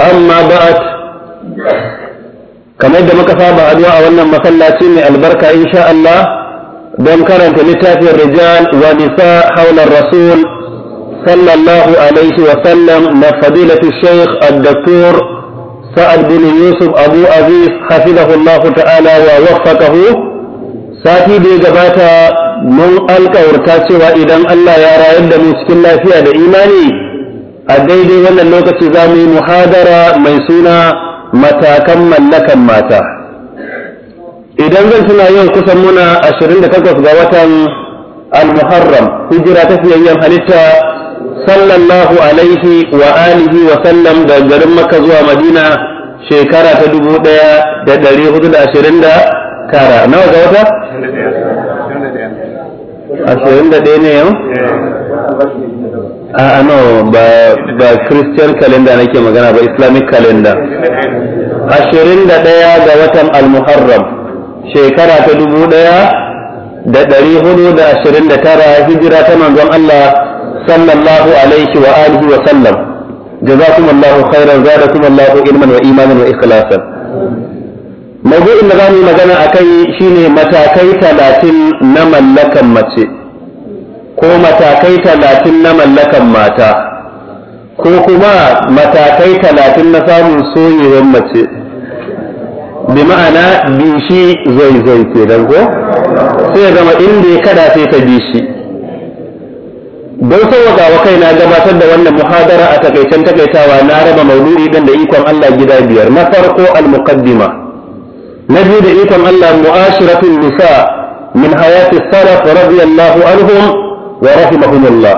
amma ba'at kamar da muka saba addu'a a wannan masallaci mai albarka insha Allah don karanta littafin rijal wa nisa haula rasul sallallahu alaihi wa sallam na fadilatu shaykh ad-doktor sa'ad bin yusuf abu aziz hafizahullah ta'ala wa waffaqahu sati da ya gabata mun alƙawarta cewa idan Allah ya rayar da mu cikin lafiya da imani a daidai wannan lokaci za mu yi muhadara mai suna matakan mallakan mata idan zan tuna yau kusan muna 28 ga watan al-muharram hijira ta fiyayyen halitta sallallahu alaihi wa alihi wa sallam da garin makka zuwa madina shekara ta 1429 nawa ga wata 21 ne yau eh. a'a no ba ba christian calendar nake magana ba islamic calendar ashirin da ɗaya ga watan al-muharram shekara ta dubu ɗaya da ɗari da ashirin da tara hijira ta manzon Allah sallallahu alaihi wa alihi wa sallam jazakumullahu khairan zadakumullahu ilman wa imanan wa ikhlasan mawdu'in da zamu magana akai shine matakai talatin na mallakan mace ko matakai talatin na mallakan mata ko kuma matakai talatin na samun soyewar mace bi ma'ana bishi zai zai kenan ko sai ya zama inda ya kada sai ta bishi don sauwaka wa kai na gabatar da wannan muhadara a takaicen takaitawa na raba maudu'i dan da ikon Allah gida biyar na farko al-muqaddima na biyu da ikon Allah mu'ashiratun nisa min hayati salaf radiyallahu anhum ورحمهم الله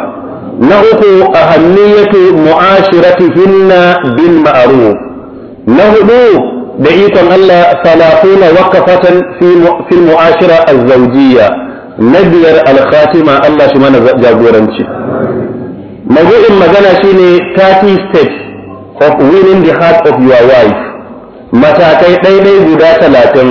نهق أهمية معاشرتهن بالمعروف نهق دعيكم الله ثلاثون وقفة في في المعاشرة الزوجية نبير الخاتمة الله شمانا جاورانشي موضوع magana shine 30 steps of winning the heart of your wife matakai ɗaiɗai guda talatin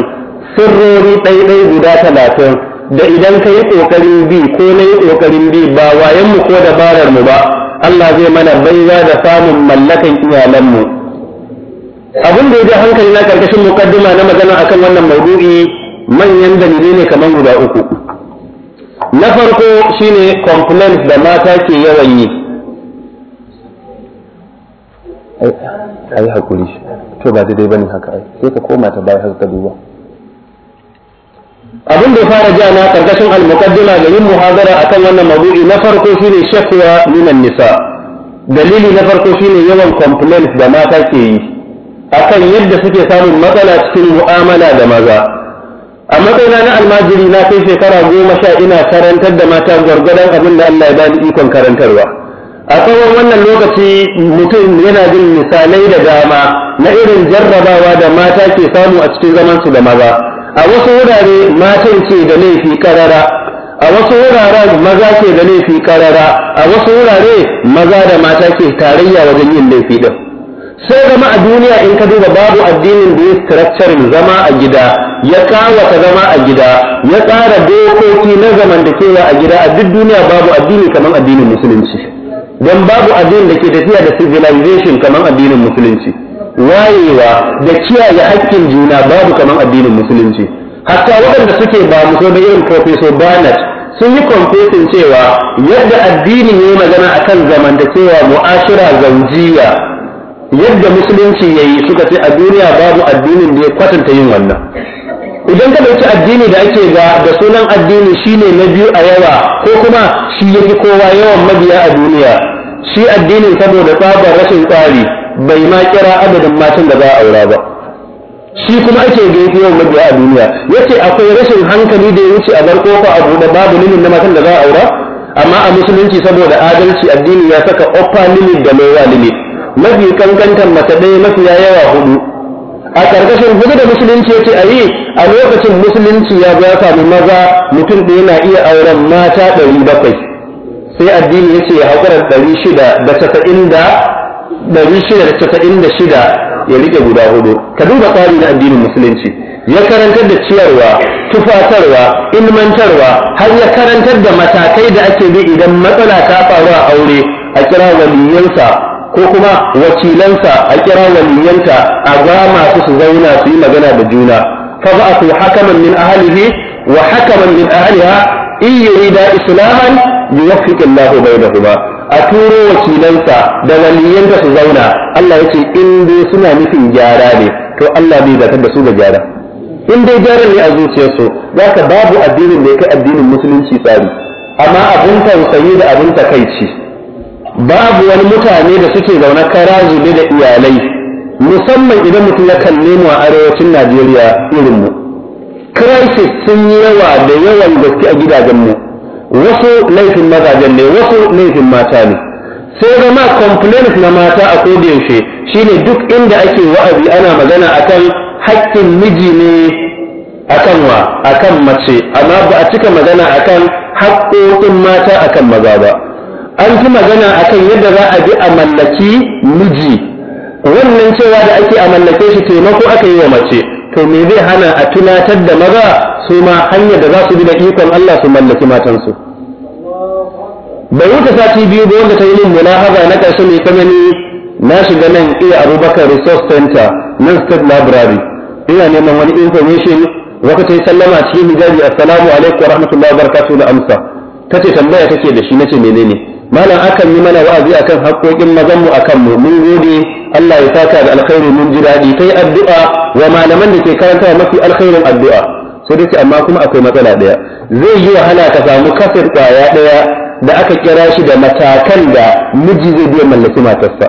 sirrori ɗaiɗai guda talatin da idan ka yi ƙoƙarin bi ko na yi ƙoƙarin bi ba wayanmu ko dabarar mu ba Allah zai mana baiwa da samun mallakan iyalanmu abin da ya hankali na karkashin mukaddima na magana akan wannan maudu'i manyan dalilai ne kamar guda uku na farko shine complaints da mata ke yawan yi ai hakuri to ba daidai bane haka ai sai ka koma ta har ka duba abin da fara ja na karkashin al da yin muhadara akan wannan mawdu'i na farko shine shakwa minan nisa dalili na farko shine yawan complaints da mata ke yi akan yadda suke samun matsala cikin mu'amala da maza a matsayina na almajiri na kai shekara goma sha ina karantar da mata gwargwadon abin da Allah ya bani ikon karantarwa a tsawon wannan lokaci mutum yana jin misalai da dama na irin jarrabawa da mata ke samu a cikin zamansu da maza a wasu wurare matan ce da laifi karara a wasu wurare, maza ke da laifi karara a wasu wurare maza da mata ke tarayya wajen yin laifi din sai zama a duniya in ka duba babu addinin da ya structuring zama a gida ya kawata zama a gida ya tsara dokoki na zamantakewa a gida a duk duniya babu addini kamar addinin musulunci don babu addinin da ke tafiya da civilization kamar addinin musulunci wayewa da kiyaye hakkin juna babu kaman addinin musulunci hatta waɗanda suke ba muso da irin professor Barnett sun yi confession cewa yadda addini ya magana akan cewa mu'ashira zanjiya yadda musulunci yayi suka ce a duniya babu addinin da ya kwatanta yin wannan idan ka ɗauki addini da ake ga da sunan addini shine na biyu a yawa ko kuma shi yafi kowa yawan mabiya a duniya shi addinin saboda tsabar rashin tsari bai ma kira adadin matan da za a aura ba shi kuma ake gaifi yawan mabiya a duniya yace akwai rashin hankali da ya wuce a bar kofa a buɗe babu limin na matan da za a aura amma a musulunci saboda adalci addini ya saka upper limit da lower limit mafi kankantar mace ɗaya mafi yawa hudu a ƙarƙashin hudu da musulunci yace a yi a lokacin musulunci ya ga sami maza mutum ɗaya na iya auren mata ɗari bakwai sai addini yace ya haƙura ɗari shida da casa'in da ɗari shida da da shida ya riƙe guda hudu ka duba tsari na addinin musulunci ya karantar da ciyarwa tufatarwa ilmantarwa har ya karantar da matakai da ake bi idan matsala ta faru a aure a kira waliyansa ko kuma wakilansa a kira waliyanta a ga masu su zauna su yi magana da juna fa ba'athu hakaman min ahlihi wa hakaman min ahliha in yurida islaman yuwaffiqu Allahu bainahuma a turo wakilansa da waliyanta su zauna Allah ya ce in dai suna nufin gyara ne to Allah bai zata da su ga gyara in dai gyara ne a zuciyarsu za ka babu addinin da ya kai addinin musulunci tsari amma abin tausayi da abin takaici babu wani mutane da suke zaune karazu da iyalai musamman idan mutum ya kalle mu a arewacin Najeriya irinmu crisis sun yi yawa da yawan gaske a gidajen mu wasu laifin mazajen ne wasu laifin mata ne sai zama complaint na mata a yaushe shine duk inda ake wa'azi ana magana akan haƙƙin miji ne akan wa akan mace amma ba a cika magana akan haƙƙoƙin mata akan maza ba an fi magana akan yadda za a bi a mallaki miji wannan cewa da ake a mallake shi taimako aka yi wa mace to me zai hana a tunatar da maza su ma hanyar da za su bi da ikon Allah su mallaki matansu bai ta sati biyu ba wanda ta yi min mulahaza na ƙarshe mai tsanani na shiga nan iya abubakar resource center nan state library ina neman wani information wata ta yi sallama cikin hijabi assalamu alaikum wa rahmatullahi wa barakatuhu na amsa ta ce tambaya take da shi na ce menene malam akan yi mana wa'azi akan haƙoƙin mazan mu akan mu mun gode Allah ya saka da alkhairi mun ji daɗi kai addu'a wa malaman da ke karanta mafi alkhairin addu'a sai dai amma kuma akwai matsala ɗaya zai yi wahala ka samu kafin ƙwaya ɗaya da aka kira shi da matakan da miji zai biya mallaki matarsa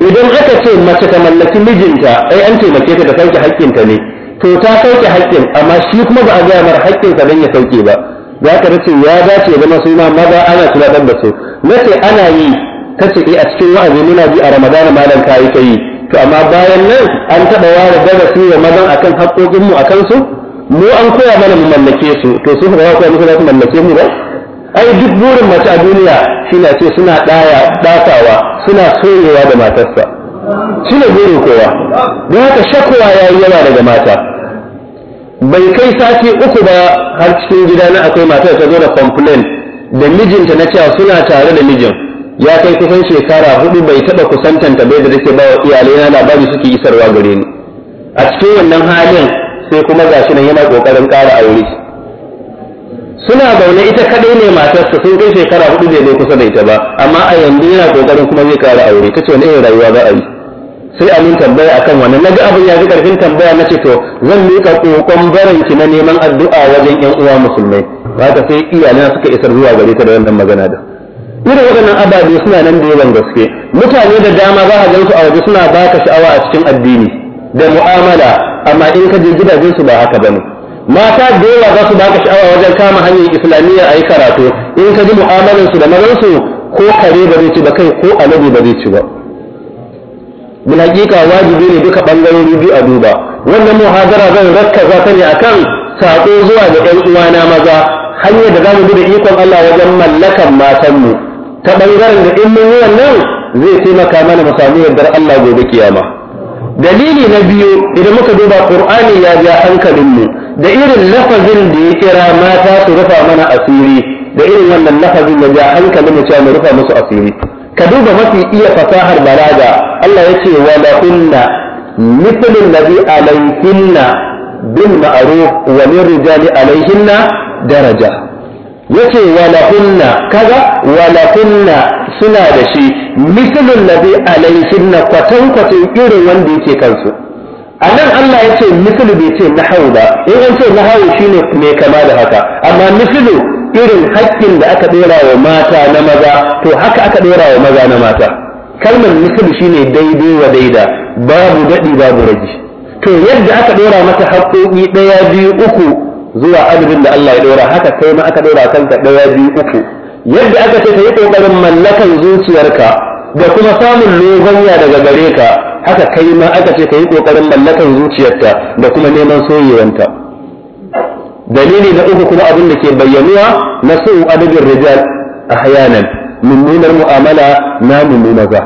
idan aka ce mace ta mallaki mijinta ai an taimake ta da sauke haƙƙinta ne to ta sauke haƙƙin amma shi kuma ba a gaya mar haƙƙinsa don ya sauke ba za ka race ya dace zama su ma maza ana dan da su na ce ana yi ta ce eh, a cikin wa'azi muna bi a ramadana malam kayi ta yi to amma bayan nan an taɓa ware darasi wa mazan akan haƙoƙinmu a kansu mu an koya mana mu mallake su to su ba koya musu za su mallake mu ba ai duk burin mace a duniya shi ce suna ɗaya ɗafawa, suna soyewa da matarsa shi ne burin kowa don haka shakwa ya yi yawa daga mata bai kai sati uku ba har cikin gida na akwai matar ta zo da complain da mijinta na cewa suna tare da mijin ya kai kusan shekara hudu bai taɓa kusantanta bai da take ba wa iyalai na labari suke isarwa gare ni a cikin wannan halin sai kuma gashi nan yana kokarin ƙara aure suna zaune ita kadai ne matarsa sun kai shekara hudu bai kusa da ita ba amma a yanzu yana kokarin kuma zai ƙara aure kace wani rayuwa za a yi sai a tambaya akan na ga abin ya ji karfin tambaya na to zan mika kokon baranki na neman addu'a wajen yan uwa musulmai ta sai iyalina suka isar zuwa gare ta da wannan magana da irin waɗannan ababe suna nan da yawan gaske mutane da dama za a gan su a waje suna baka sha'awa a cikin addini da mu'amala amma in ka je gidajen su ba haka bane mata da yawa za su baka sha'awa wajen kama hanyar islamiyya a yi karatu in ka ji mu'amalansu da mazansu ko kare ba zai ci ba kai ko alade ba zai ci ba bil hakika wajibi ne duka bangarori biyu a duba wannan muhadara zan rakkaza ta ne akan sako zuwa ga ɗan uwana maza hanyar da zamu bi da ikon Allah wajen mallakan matanmu ta bangaren da in mun yi wannan zai taimaka mana mu samu yardar Allah gobe kiyama dalili na biyu idan muka duba qur'ani ya ja hankalinmu da irin lafazin da ya kira mata su rufa mana asiri da irin wannan lafazin ya ja hankalinmu cewa mu rufa musu asiri ka duba mafi iya fasahar balaga Allah ya ce wa lahunna mithlul ladhi alayhinna bil ma'ruf wa min rijali alayhinna daraja yace wa kunna kaga wa kunna suna da shi mithlul ladhi alayhinna kwatan kwatan irin wanda yake kansu a nan Allah ya ce mislu bai ce nahawu ba in an ce nahawu shine mai kama da haka amma mislu irin haƙƙin da aka ɗora wa mata na maza to haka aka ɗora wa maza na mata kalmar misali shine daidai wa daida babu daɗi babu raji to yadda aka ɗora mata haƙƙoƙi ɗaya biyu uku zuwa adadin da Allah ya ɗora haka kai ma aka ɗora kanka ɗaya biyu uku yadda aka ce ka yi ƙoƙarin mallakan zuciyarka da kuma samun loganya daga gare ka haka kai ma aka ce ka yi ƙoƙarin mallakan zuciyarta da kuma neman soyewanta dalili na uku kuma abin da ke bayyanuwa na su adadin rijal hayanan mummunar mu'amala na mummuna za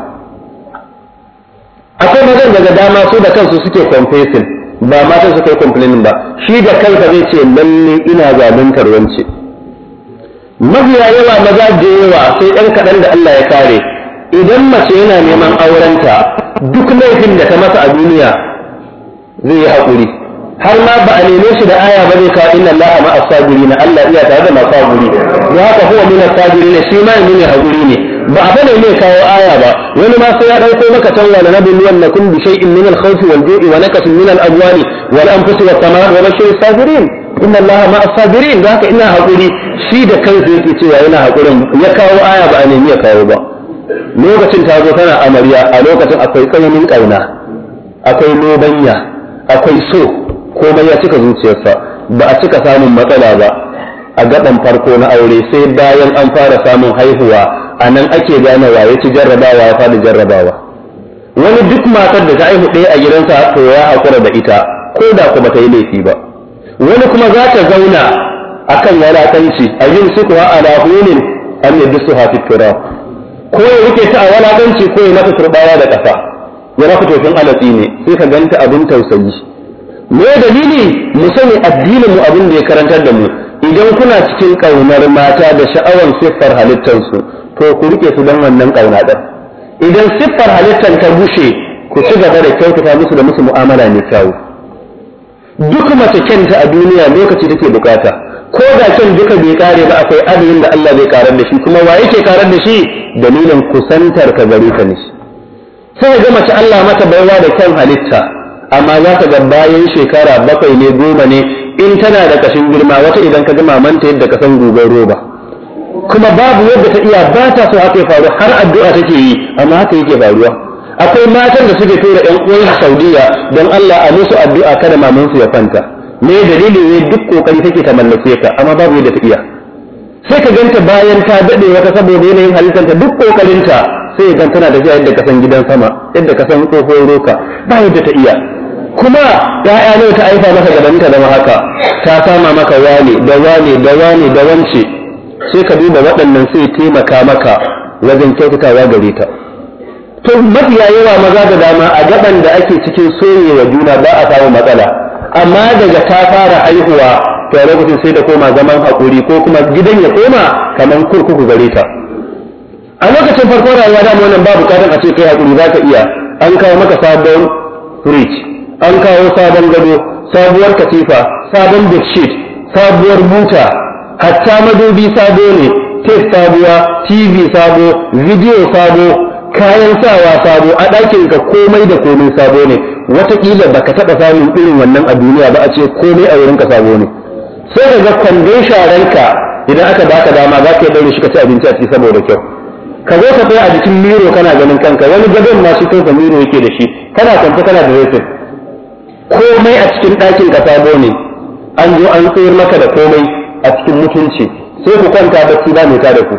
akwai mazan daga dama su da kansu suke confessing ba matan suka yi complaining ba shi da kanka zai ce lalle ina zaluntar wance mafiya yawa maza da yawa sai ɗan kaɗan da Allah ya kare idan mace yana neman aurenta duk laifin da ta masa a duniya zai yi haƙuri har ma ba a neme shi da aya ba zai kawo inna allaha ma asabiri na Allah iya tare da masu haƙuri ya haka huwa min asabiri ne shi ma ne ne haƙuri ne ba a bane ne kawo aya ba wani ma sai ya dauko maka tawwa la nabin wannakum bi shay'in min al-khawf wal-ju'i wa nakasin min al-amwali wal-anfusi was-samawati wa bashir as-sabirin inna allaha ma as-sabirin da haka ina haƙuri shi da kansa yake cewa yana haƙurin ya kawo aya ba a nemi ya kawo ba lokacin ta zo tana amarya a lokacin akwai tsananin ƙauna akwai lobanya akwai so komai ya cika zuciyarsa ba a cika samun matsala ba a gaban farko na aure sai bayan an fara samun haihuwa a nan ake gane wa ya ci jarrabawa ya faɗi jarrabawa wani duk matar da ta haihu ɗaya a gidansa to ya haƙura da ita ko da kuma ta yi laifi ba wani kuma za ta zauna a kan walaƙanci a yin sukuwa a lahunin an yadda su hafi tura ko ya wuce ta a walaƙanci ko ya mata turɓawa da ƙasa ya maka tofin alatsi ne sai ka ganta abin tausayi me dalili mu sani addinin mu abin da ya karantar da mu idan kuna cikin kaunar mata da sha'awar siffar halittar su to ku rike su dan wannan kauna din idan siffar halittar ta bushe ku ci gaba da kyautata musu da musu mu'amala mai kyau duk mace kenta a duniya lokaci take bukata ko da kyan duka bai kare ba akwai adadin da Allah zai karar da shi kuma wa yake karar da shi dalilin kusantar ka gare ka ne sai ga mace Allah mata baiwa da kyan halitta amma za ka ga bayan shekara bakwai ne goma ne in tana da kashin girma wata idan ka gama manta yadda ka san gugar roba kuma babu yadda ta iya ba ta so haka ya faru har addu'a take yi amma haka yake faruwa akwai matan da suke tura yan uwan Saudiya don Allah a musu addu'a kada maman su ya kwanta me dalili ne duk kokari take ta mallake ka amma babu yadda ta iya sai ka ganta bayan ta daɗe wata saboda yanayin halittanta duk kokarinta sai ya tana da yadda kasan gidan sama yadda san tsohon roka ba yadda ta iya kuma ya'ya ne ta aifa maka da ta zama haka ta sama maka wani da wani da wani da wance sai ka duba waɗannan sai taimaka maka wajen kyautatawa gare ta to mafiya yawa maza da dama a gaban da ake cikin soyewa juna ba a samu matsala amma daga ta fara haihuwa, to lokacin sai da koma zaman hakuri ko kuma gidan ya koma kamar kurkuku gare ta a lokacin farko rayuwa da wannan babu kadan a ce kai hakuri za ka iya an kawo maka sabon fridge an kawo sabon gado sabuwar katifa sabon bedsheet sabuwar buta hatta madobi sabo ne tape sabuwa tv sabo video sabo kayan sawa sabo a ɗakin ka komai da komai sabo ne wataƙila baka taɓa samun irin wannan a duniya ba a ce komai a wurinka sabo ne sai daga kwandon sharanka idan aka baka dama za ka yi ɗaure shi ka ci abinci a ciki saboda kyau ka zo ka kai a jikin miro kana ganin kanka wani gadon ma shi kanka miro yake da shi kana kwanta kana da rufin komai a cikin ɗakin ka sabo ne an zo an tsayar maka da komai a cikin mutunci sai ku kwanta bacci ba mai da ku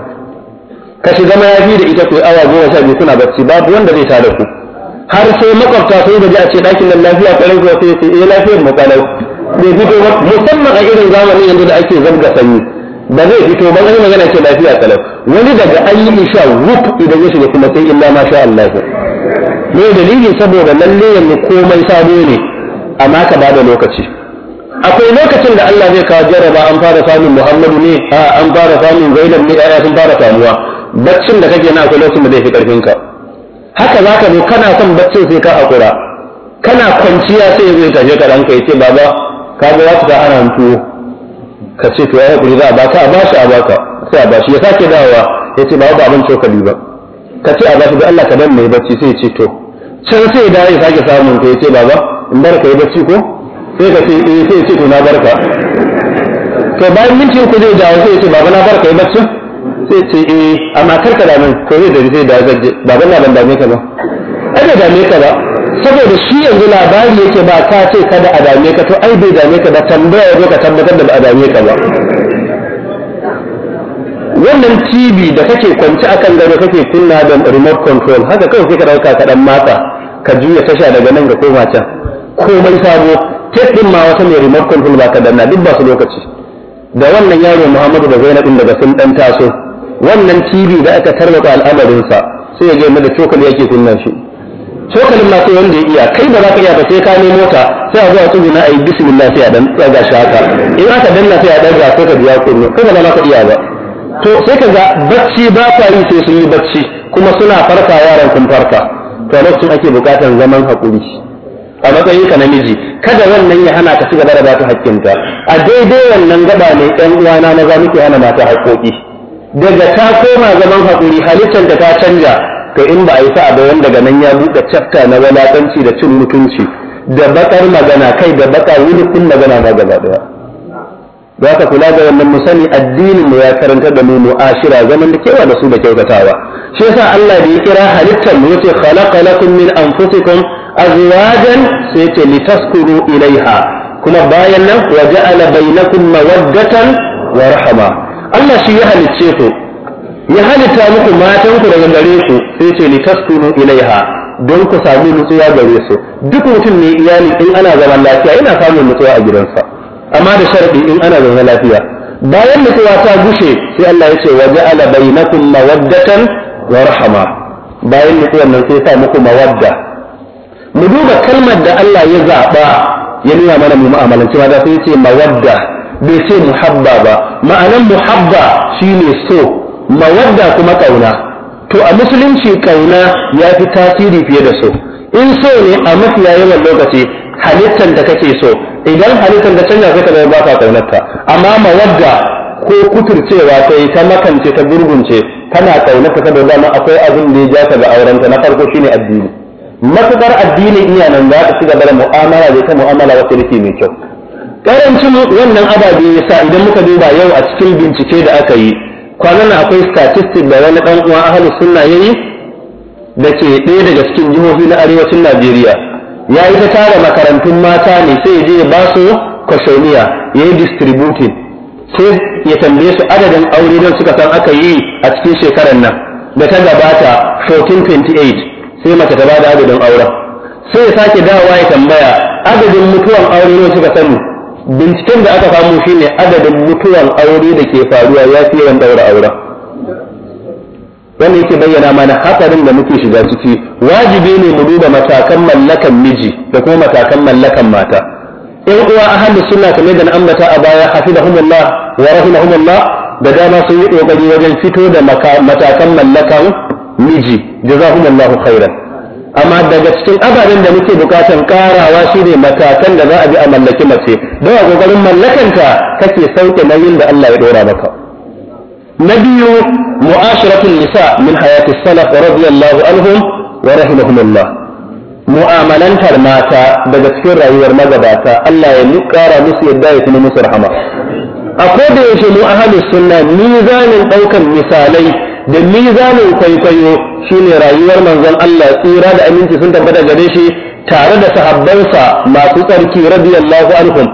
ka shiga mayafi da ita ku awa goma sha biyu kuna bacci babu wanda zai ta da ku har sai makwabta sai da ji a ce ɗakin nan lafiya ƙwarai kuwa sai sai eh lafiyar mu ƙwarai bai fito ba musamman a irin zamanin yanzu da ake zanga sanyi ba zai fito ba zai magana ce lafiya ƙwarai wani daga ayyuka sha isha wuf idan ya shiga kuma sai illa ma sha Allah ne dalili saboda lalle yanzu komai sabo ne amma ka bada lokaci akwai lokacin da Allah zai kawo jaraba an fara samun Muhammadu ne a an fara samun Zainab ne Yaya sun fara samuwa baccin da kake na akwai lokacin da zai fi karfin ka haka za ka zo kana son baccin sai ka akura kana kwanciya sai zai tafi ka ranka ya ce baba ka ga wasu ta ana tuwo ka ce to yayi kuri za a baka a bashi a baka sai a bashi ya sake dawowa ya ce ba abin cokali ba ka ce a bashi da Allah ka mai bacci sai ya ce to can sai da ya sake samun ka ya ce baba in barka yi bacci ko sai ka ce eh sai ya ce to na barka to bayan minti uku zai dawo sai ya ce baba na barka yi bacci sai ce eh amma karka da nan ko zai da zai da zai baba na ban dame ka ba ai da dame ka ba saboda shi yanzu labari yake ba ka ce kada a dame ka to ai bai dame ka ba tambaya zo ka tabbatar da ba a dame ka ba wannan TV da kake kwanci akan gado kake kunna da remote control haka kawai sai ka dauka ka dan matsa ka juya tasha daga nan ga koma can komai sabo tape din ma wata mai remote control ba ka danna duk ba su lokaci da wannan yaro Muhammadu da Zainab daga sun dan taso wannan TV da aka tarwata sa sai ya ga da cokali yake kunna shi cokalin masu wanda ya iya kai ba za ka iya ba sai ka nemo ta sai a zuwa tsuguna a yi bismillah sai a dan tsaga shi in aka danna sai a daga sai ka biya kunnu kaga ba za ka iya ba to sai ka ga bacci ba ka yi sai sun yi bacci kuma suna farka yaran kun farka to lokacin ake bukatar zaman hakuri a matsayin ka namiji kada wannan ya hana ka cigaba da ba ta hakkinta a daidai wannan gaba ne ɗan uwana na za muke hana mata haƙoƙi daga ta koma zaman hakuri halittar ta canja to in ba a yi sa'a ba wanda daga nan ya buɗe chapter na walaƙanci da cin mutunci da bakar magana kai da baka wulufin magana ma gaba daya za ka kula da wannan mu sani addinin mu ya karanta da mu mu'ashira zaman da kewa da su da kyautatawa shi yasa Allah da ya kira halittar mu yace khalaqalakum min anfusikum azwajan sai yace litaskuru ilaiha kuma bayan nan wa ja'ala bainakum mawaddatan wa Allah shi ya halicce ku ya halitta muku matanku daga gare ku. sai ce li taskunu ilaiha don ku sami nutsuwa gare su duk mutum ne iyali in ana zaman lafiya yana samun nutsuwa a gidansa amma da sharadi in ana zaman lafiya bayan nutsuwa ta gushe sai Allah ya ce wa ja'ala bainakum mawaddatan wa rahama bayan nutsuwan nan sai ya sa muku mawadda mu duba kalmar da Allah ya zaba ya nuna mana mu mu'amalanci ma da sai ya ce mawadda bai ce muhabba ba ma'anan muhabba shine so mawadda kuma ƙauna to a musulunci ƙauna ya fi tasiri fiye da so in so ne a mafiya yawan lokaci halittar da kake so idan halittar da canja sai ka zama ba ka ƙaunarta amma mawadda ko kuturcewa ta yi ta makance ta gurgunce tana ƙaunarta ta ma akwai abin da ya ja ka ga aurenta na farko shine addini matuƙar addini iya nan za ka ci gaba da mu'amala da ta mu'amala wacce take mai kyau karancin wannan ababe sa idan muka duba yau a cikin bincike da aka yi kwanan akwai statistic da wani ɗan uwa ahalus sunna yayi da ke ɗaya daga cikin jihohi na arewacin Najeriya ya yi ta tara makarantun mata ne sai ya je ya ba su kwashoniya ya yi distributing sai ya tambaye su adadin aure don suka san aka yi a cikin shekarar nan da ta gabata 1428 sai mace ta ba da adadin auren sai ya sake dawowa ya tambaya adadin mutuwan aure don suka sani binciken da aka samu shine adadin mutuwan aure da ke faruwa ya fi yawan daura auren wannan yake bayyana mana hatsarin da muke shiga ciki wajibi ne mu duba matakan mallakan miji da kuma matakan mallakan mata Ɗan uwa ahli suna kamar da na ambata a baya hafizahumullah wa rahimahumullah da dama sun yi kokari wajen fito da matakan mallakan miji jazakumullahu khairan amma daga cikin ababen da muke bukatan karawa ne matakan da za a bi a mallaki mace don a kokarin mallakanta kake sauke nauyin da Allah ya dora maka na biyu mu'asharatul nisa min hayati salaf radiyallahu anhum wa rahimahumullah mu'amalantar mata daga cikin rayuwar magabata Allah ya kara musu yadda ya kuma musu rahama a koda yaushe mu ahlus sunna ni zanin daukan misalai da mizanin kwaikwayo shine rayuwar manzon Allah tsira da aminci sun tabbata gare shi tare da sahabbansa masu tsarki radiyallahu anhum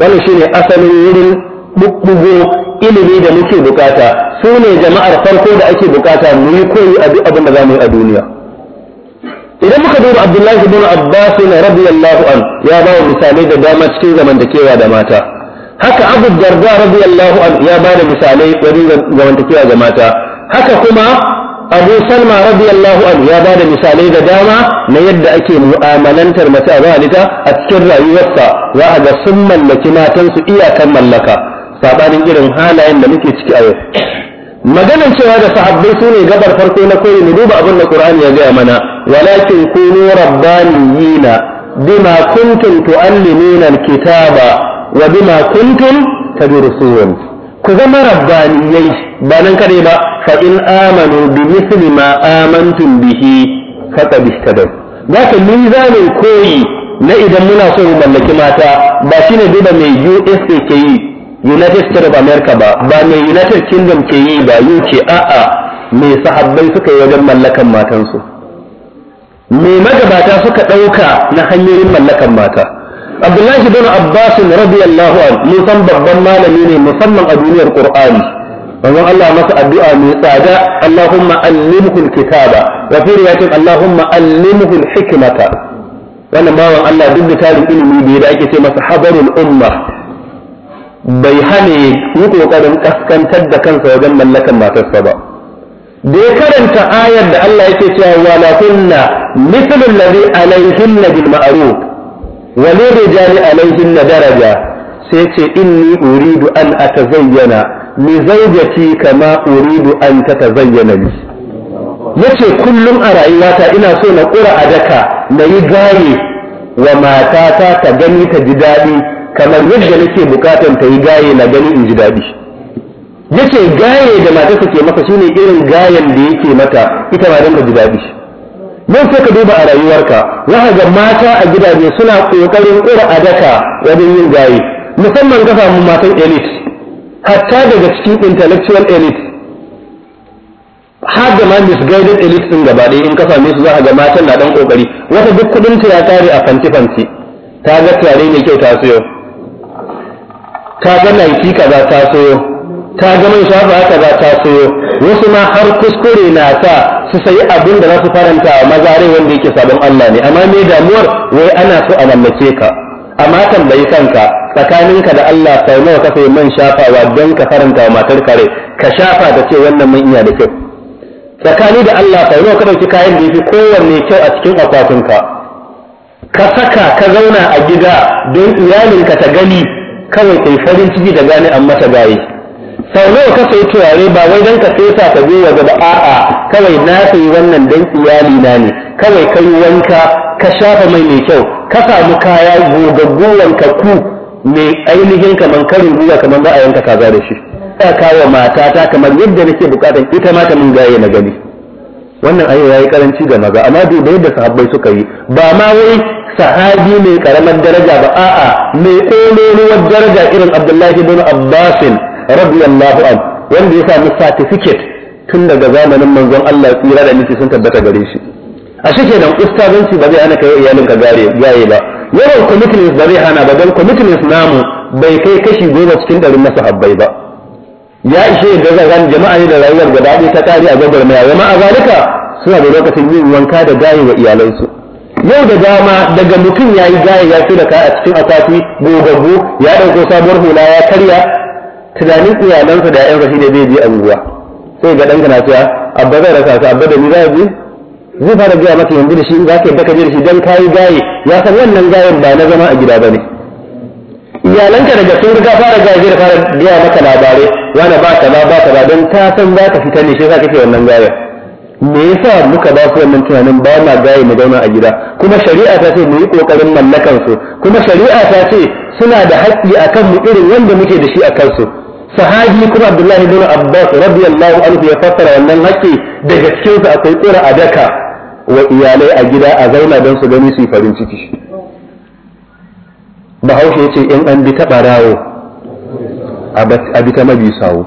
wannan shine asalin wurin bubbugo ilimi da muke bukata su ne jama'ar farko da ake bukata mu yi koyi a duk abin da za mu yi a duniya idan muka duba abdullahi ibn abbas radiyallahu an ya ba misalai da dama cikin zamantakewa da mata haka abu darda radiyallahu an ya ba da misalai wajen zamantakewa da mata haka kuma abu salma radiyallahu anhu ya ba da misalai da dama na yadda ake mu'amalantar mace a zalita a cikin rayuwarsa za a ga sun mallaki matansu iyakan mallaka sabanin irin halayen da muke ciki a yau maganan cewa da sahabbai su ne gabar farko na koyi mu duba abin da qur'ani ya gaya mana walakin kunu rabbaniyina bima kuntum tu'allimuna alkitaba wa bima kuntum tadrusun ku zama rabbaniyai ba nan kare ba fa in amanu bi misli ma amantum bihi faqad ihtadaw za mizanin koyi na idan muna so mu mallaki mata ba shine duba mai USA ke yi United States of America ba ba mai United Kingdom ke yi ba UK a'a mai sahabbai suka yi wajen mallakan matansu mai magabata suka ɗauka na hanyoyin mallakan mata Abdullahi bin Abbas radiyallahu mun san babban malami ne musamman a duniyar Qur'ani manzon Allah masa addu'a mai tsada Allahumma allimhu alkitaba wa fi riwayatin Allahumma allimhu alhikmata wannan bawan Allah duk da tarin ilimi da ake ce masa habarul umma bai hana yi kokarin kaskantar da kansa wajen mallakan matarsa ba da ya karanta ayar da Allah yake cewa wala kunna mithlu alladhi alayhinna bil ma'ruf wa lirrijali alayhinna daraja sai ce inni uridu an atazayyana li zaujati kama uridu an tatazayyana li yace kullum a rayuwata ina so na kura adaka na yi gaye wa matata ta gani ta ji daɗi kamar yadda nake bukatan ta yi gaye na gani in ji daɗi yace gaye da matarsa ke maka shine irin gayen da yake mata ita ma dinka jidadi. mun sai ka duba a rayuwarka za ga mata a gidaje suna kokarin kura daka wajen yin gaye musamman ga mu matan elite hatta daga cikin intellectual elite har da ma misguided elite din gaba ɗaya in ka same su za a ga matan na ɗan kokari wata duk kudin ta ya tare a fanti fanti ta ga tare mai kyau ta sayo ta ga laifi kaza ta sayo ta ga mai shafa kaza ta sayo wasu ma har kuskure na sa su sayi abin da za su faranta a mazarai wanda yake sabon Allah ne amma me damuwar wai ana so a mallake ka amma tambayi kanka tsakaninka da Allah sau nawa ka man shafawa don ka faranta wa matar kare ka shafa da ce wannan man iya da kyau tsakani da Allah sau nawa ka dauki kayan da yafi kowanne kyau a cikin akwatinka ka saka ka zauna a gida don iyalinka ta gani kawai kai farin ciki da gane an mata gayi sau nawa ka sai turare ba wai don ka fesa ka je waje da a'a kawai na sai wannan iyali na ne kawai kai wanka ka shafa mai mai kyau ka samu kaya gogaggu wanka ku mai ainihin kamar karin guga kamar ba a yanka kaza da shi ta kawo matata kamar yadda nake bukatan ita mata ta mun gaye na gani wannan ayo yayi karanci ga maza amma dubai yadda sahabbai suka yi ba ma wai sahabi mai karamar daraja ba a'a mai kololuwar daraja irin Abdullahi ibn Abbas radiyallahu an wanda ya sami certificate tun daga zamanin manzon Allah tsira da miki sun tabbata gare shi a shike dan ustazanci ba zai ana kai iyalinka gare gaye ba yawan commitments da zai hana ba don commitments namu bai kai kashi goma cikin ɗarin na sahabbai ba ya ishe da gani jama'a ne da rayuwar gaba ɗaya ta ƙari a gabar mai yamma a zalika suna da lokacin yin wanka da gayi wa iyalansu yau da dama daga mutum ya yi gayi ya fi da ka a cikin akwati gogaggu ya ɗauko sabuwar hula ya karya tunanin iyalansa da yayan shi ne zai je anguwa sai ga ɗanka na cewa abba zai rasa su abba da ni za a je zai fara gaya maka yanzu da shi za ka yadda ka je da shi don kayi gaye ya san wannan gayen ba na zama a gida ba ne iyalanka daga sun riga fara gaya zai fara gaya maka labarai wani ba ka ba ba ka ba don ka san za ka fita ne shi za ka ke wannan gayen me yasa muka ba su wannan tunanin ba na gaye mu zauna a gida kuma shari'a ta ce mu yi kokarin mallakan su kuma shari'a ta ce suna da haƙƙi akan mu irin wanda muke da shi a kansu sahabi kuma abdullahi bin abbas radiyallahu anhu ya fassara wannan haƙƙi daga cikin akwai akwai a adaka wa iyalai a gida a zauna don su gani su yi farin ciki bahaushe ce in an bi ta ɓarawo a bi ta mabi sawo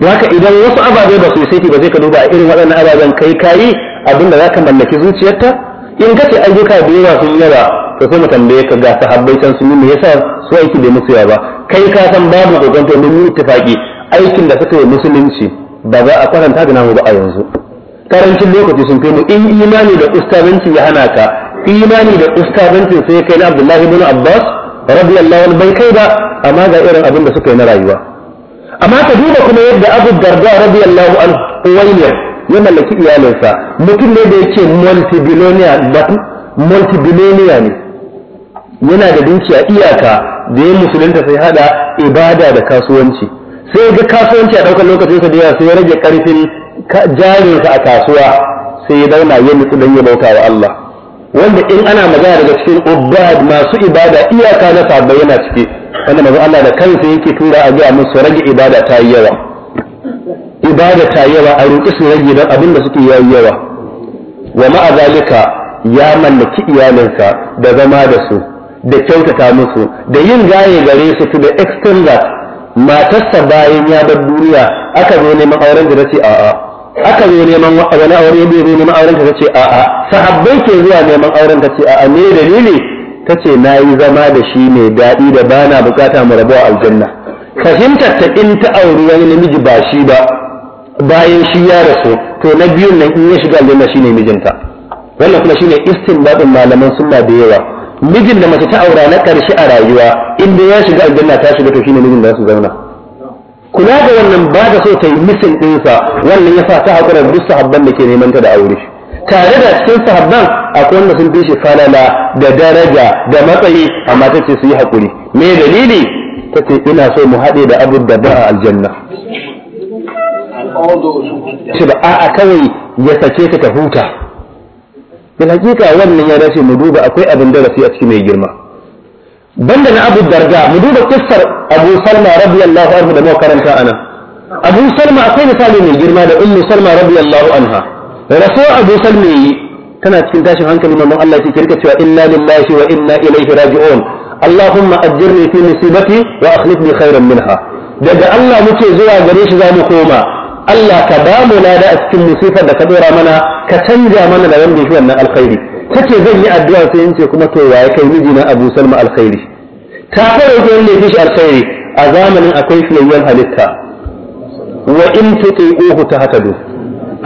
haka idan wasu ababe ba su yi saiti ba zai ka duba a irin waɗannan ababen kai kayi abinda za ka mallaki zuciyarta in ka ce ayyuka da yawa sun yawa ka sai mu tambaye ka ga sahabbai can sun yi me yasa su aiki bai musu ba kai ka san babu kokonto mun yi ittifaki aikin da suka yi musulunci ba za a karanta da namu ba a yanzu karancin lokaci sun kai mu in imani da ustazanci ya hana ka imani da ustazanci sai kai na Abdullahi ibn Abbas radiyallahu anhu bai kai ba amma ga irin abin da suka yi na rayuwa amma ka duba kuma yadda Abu Darda radiyallahu anhu Uwaynir ya mallaki iyalinsa mutum ne da yake multibillionaire multibillionaire ne yana da dukiya iyaka da ya musulunta sai hada ibada da kasuwanci sai ga kasuwanci a daukar lokacinsa da yawa sai ya rage karfin jarinsa a kasuwa sai ya dauna ya nutsu dan ya bauta wa Allah wanda in ana magana daga cikin ubbad masu ibada iyaka na sabbai yana ciki wanda manzo Allah da kansa yake tura a ga musu rage ibada ta yi yawa ibada ta yawa a roƙi su rage don abin da suke yayi yawa wa ma'a zalika ya mallaki iyalinsa da zama da su da kyautata musu da yin gaye gare su to the extent that matarsa bayan ya bar duniya aka zo neman auren da nace a'a aka zo neman wani aure ya zo neman auren ta ce a'a sahabbai ke zuwa neman auren ta ce a'a ne dalili ta ce na yi zama da shi mai daɗi da bana na bukata mu rabuwa aljanna fahimtar ta in ta auri wani namiji ba shi ba bayan shi ya rasu to na biyun nan in ya shiga aljanna shine mijinta wannan kuma shine istinbadin malaman sunna da yawa mijin da mace ta aura na karshe a rayuwa in ya shiga aljanna ta shiga to shine mijin da su zauna kula da wannan ba da so ta yi misin ɗinsa wannan ya sa ta haƙurar duk sahabban da ke neman ta da aure tare da cikin sahabban akwai wanda sun fi shi falala da daraja da matsayi amma ta ce su yi haƙuri me dalili ta ce ina so mu haɗe da abu da ba a aljanna shi ba a'a kawai ya sace ta ta huta da hakika wannan ya dace mu duba akwai abin darasi a ciki mai girma banda na abu darda mu duba kissar abu salma radiyallahu anhu da muka karanta anan abu salma akwai misali mai girma da ummu salma radiyallahu anha rasuwa abu salma yi tana cikin tashin hankali manzon Allah ya ce cewa inna lillahi wa inna ilaihi raji'un اللهم أجرني في مصيبتي وأخلفني خيرا منها daga Allah muke zuwa gare shi zamu koma Allah ka ba mu lada a cikin musibar da ka dora mana ka canja mana da wanda yake wannan alkhairi kace zan yi addu'a sai in ce kuma to waye kai miji na Abu Salma al-Khairi ta fara wajen ne al-Khairi a zamanin akwai fiyayyen halitta wa in tuti'uhu tahtadu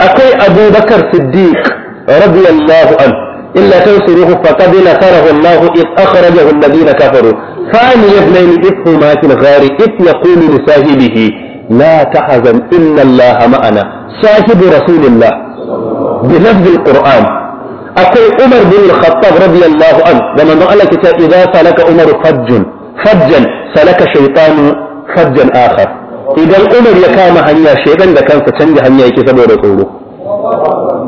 akwai Abu Bakar Siddiq radiyallahu an illa tansuruhu faqad nasarahu Allah id akhrajahu alladhina kafaru ثاني اثنين إذ fil ghari الغار yaqulu li sahibihi لا تحزن إن الله معنا صاحب رسول الله بلفظ القرآن أقول عمر بن الخطاب رضي الله عنه ومن رأى لك إذا سلك عمر فج فجا سلك شيطان فجا آخر إذا عمر يكام هنيا شيئا إذا كان فتنج هنيا يكسب ويقوله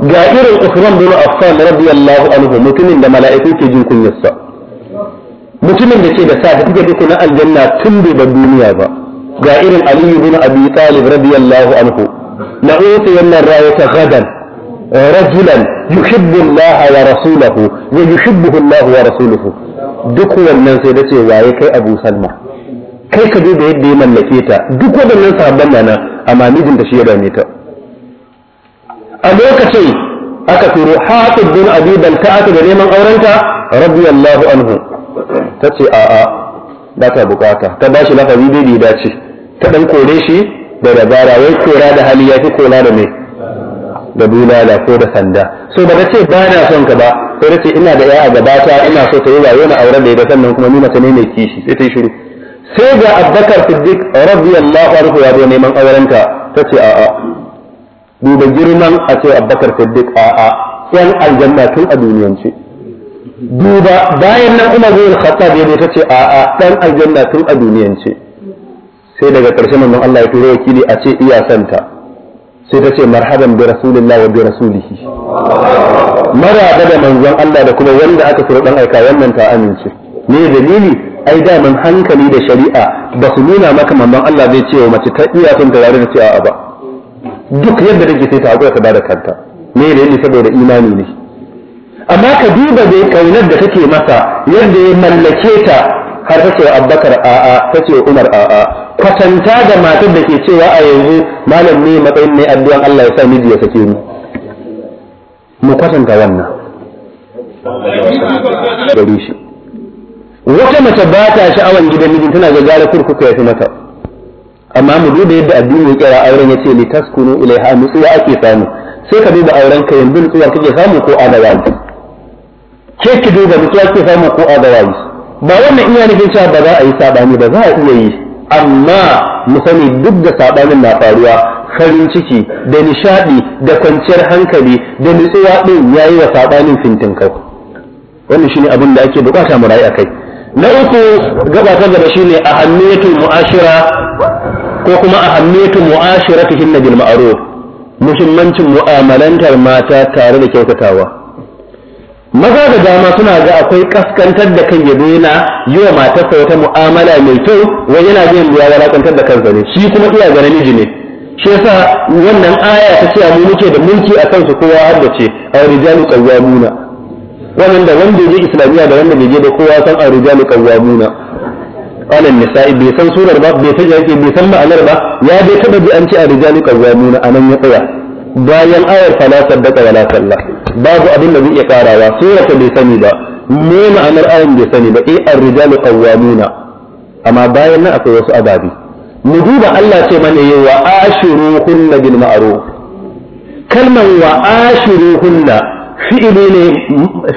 جائر الأخرى بن أفان رضي الله عنه مكمن لملائكو تجن كن يسا مكمن لكي بساعد إذا كنا الجنة تنبي بالدنيا با جائر علي بن أبي طالب رضي الله عنه لأوتي أن الرأية غدا rajulan yuhibbu Allah wa rasulahu wa yuhibbuhu wa rasuluhu duk wannan sai da ce waye kai Abu Salma kai ka duba yadda ya mallake ta duk waɗannan sabon nana amma mijinta shi ya dame ta a lokacin aka turo Hatib bin Abi Balta'a da neman aurenta radiyallahu anhu tace a'a ba ta bukata ta bashi lafazi bai dace ta dan kore shi da dabara wai kora da hali yafi kora da mai da bulala ko da sanda so ba ce ba na son ka ba sai ta ce ina da ya gabata ina so ta yi rayuwa na auren da ya sannan kuma ni mace ne mai kishi sai ta yi shiru sai ga abbakar siddiq radiyallahu anhu ya zo neman aurenta ta ce a'a duba girman a ce Abubakar siddiq a'a yan aljanna tun a duniyance duba bayan nan umar bin khattab ya ta ce a'a dan aljanna tun a duniyance sai daga ƙarshen manzon Allah ya turo wakili a ce iya santa sai ta ce marhaban bi rasulillah wa bi rasulihi maraba da manzon Allah da kuma wanda aka turo dan aika wannan ta amince me dalili ai da man hankali da shari'a ba su nuna maka manzon Allah zai ce wa mace ta iya son ta da ce a'a ba duk yadda take sai ta hakura ta bada kanta me dalili saboda imani ne amma ka duba da kaunar da take masa yadda ya mallake ta har ta ce wa abbakar a'a ta ce wa umar a'a kwatanta da matar da ke cewa a yanzu malam ne matsayin mai addu'an Allah ya sa miji ya sake ni mu kwatanta wannan gari shi wata mace ba ta sha'awan gidan mijin tana ga gara kurkuku ya fi mata amma mu duba yadda addini ya kira auren ya ce ilai taskunu ilaiha nutsuwa ake samu sai ka duba auren ka yanzu nutsuwa kake samu ko adawa ke ki duba nutsuwa kake samu ko adawa ba wannan iya nufin cewa ba za a yi saɓani ba za a iya yi amma mu sani duk da saɓanin na faruwa farin ciki da nishaɗi da kwanciyar hankali da nutsuwa ɗin ya yi wa saɓanin fintin kau wannan shine abin da ake bukata mu rayu akai na uku gabatar da gaba shine a mu'ashira ko kuma a mu'ashiratihin bil ma'ruf muhimmancin mu'amalantar mata tare da kyautatawa maza da dama suna ga akwai kaskantar da kai yabo yana yi wa matarsa wata mu'amala mai kyau wai yana jin ya walakantar da kansa ne shi kuma iya ga namiji ne shi yasa wannan aya ta ce mu muke da mulki a kansu kowa har da ce a rijalu qawwamuna wannan da wanda je islamiya da wanda bai je da kowa san a rijalu qawwamuna alal nisa'i bai san surar ba bai san yake bai san ma'anar ba ya dai taba ji an ce a rijalu qawwamuna anan ya tsaya bayan ayar falasar saddaka wala salla babu abin da zai iya karawa surata bai sani ba me ma'anar ayar bai sani ba eh ar-rijalu qawwamuna amma bayan nan akwai wasu ababi mu duba Allah ce mana yi wa ashiru bil ma'ruf kalman wa ashiru hunna ne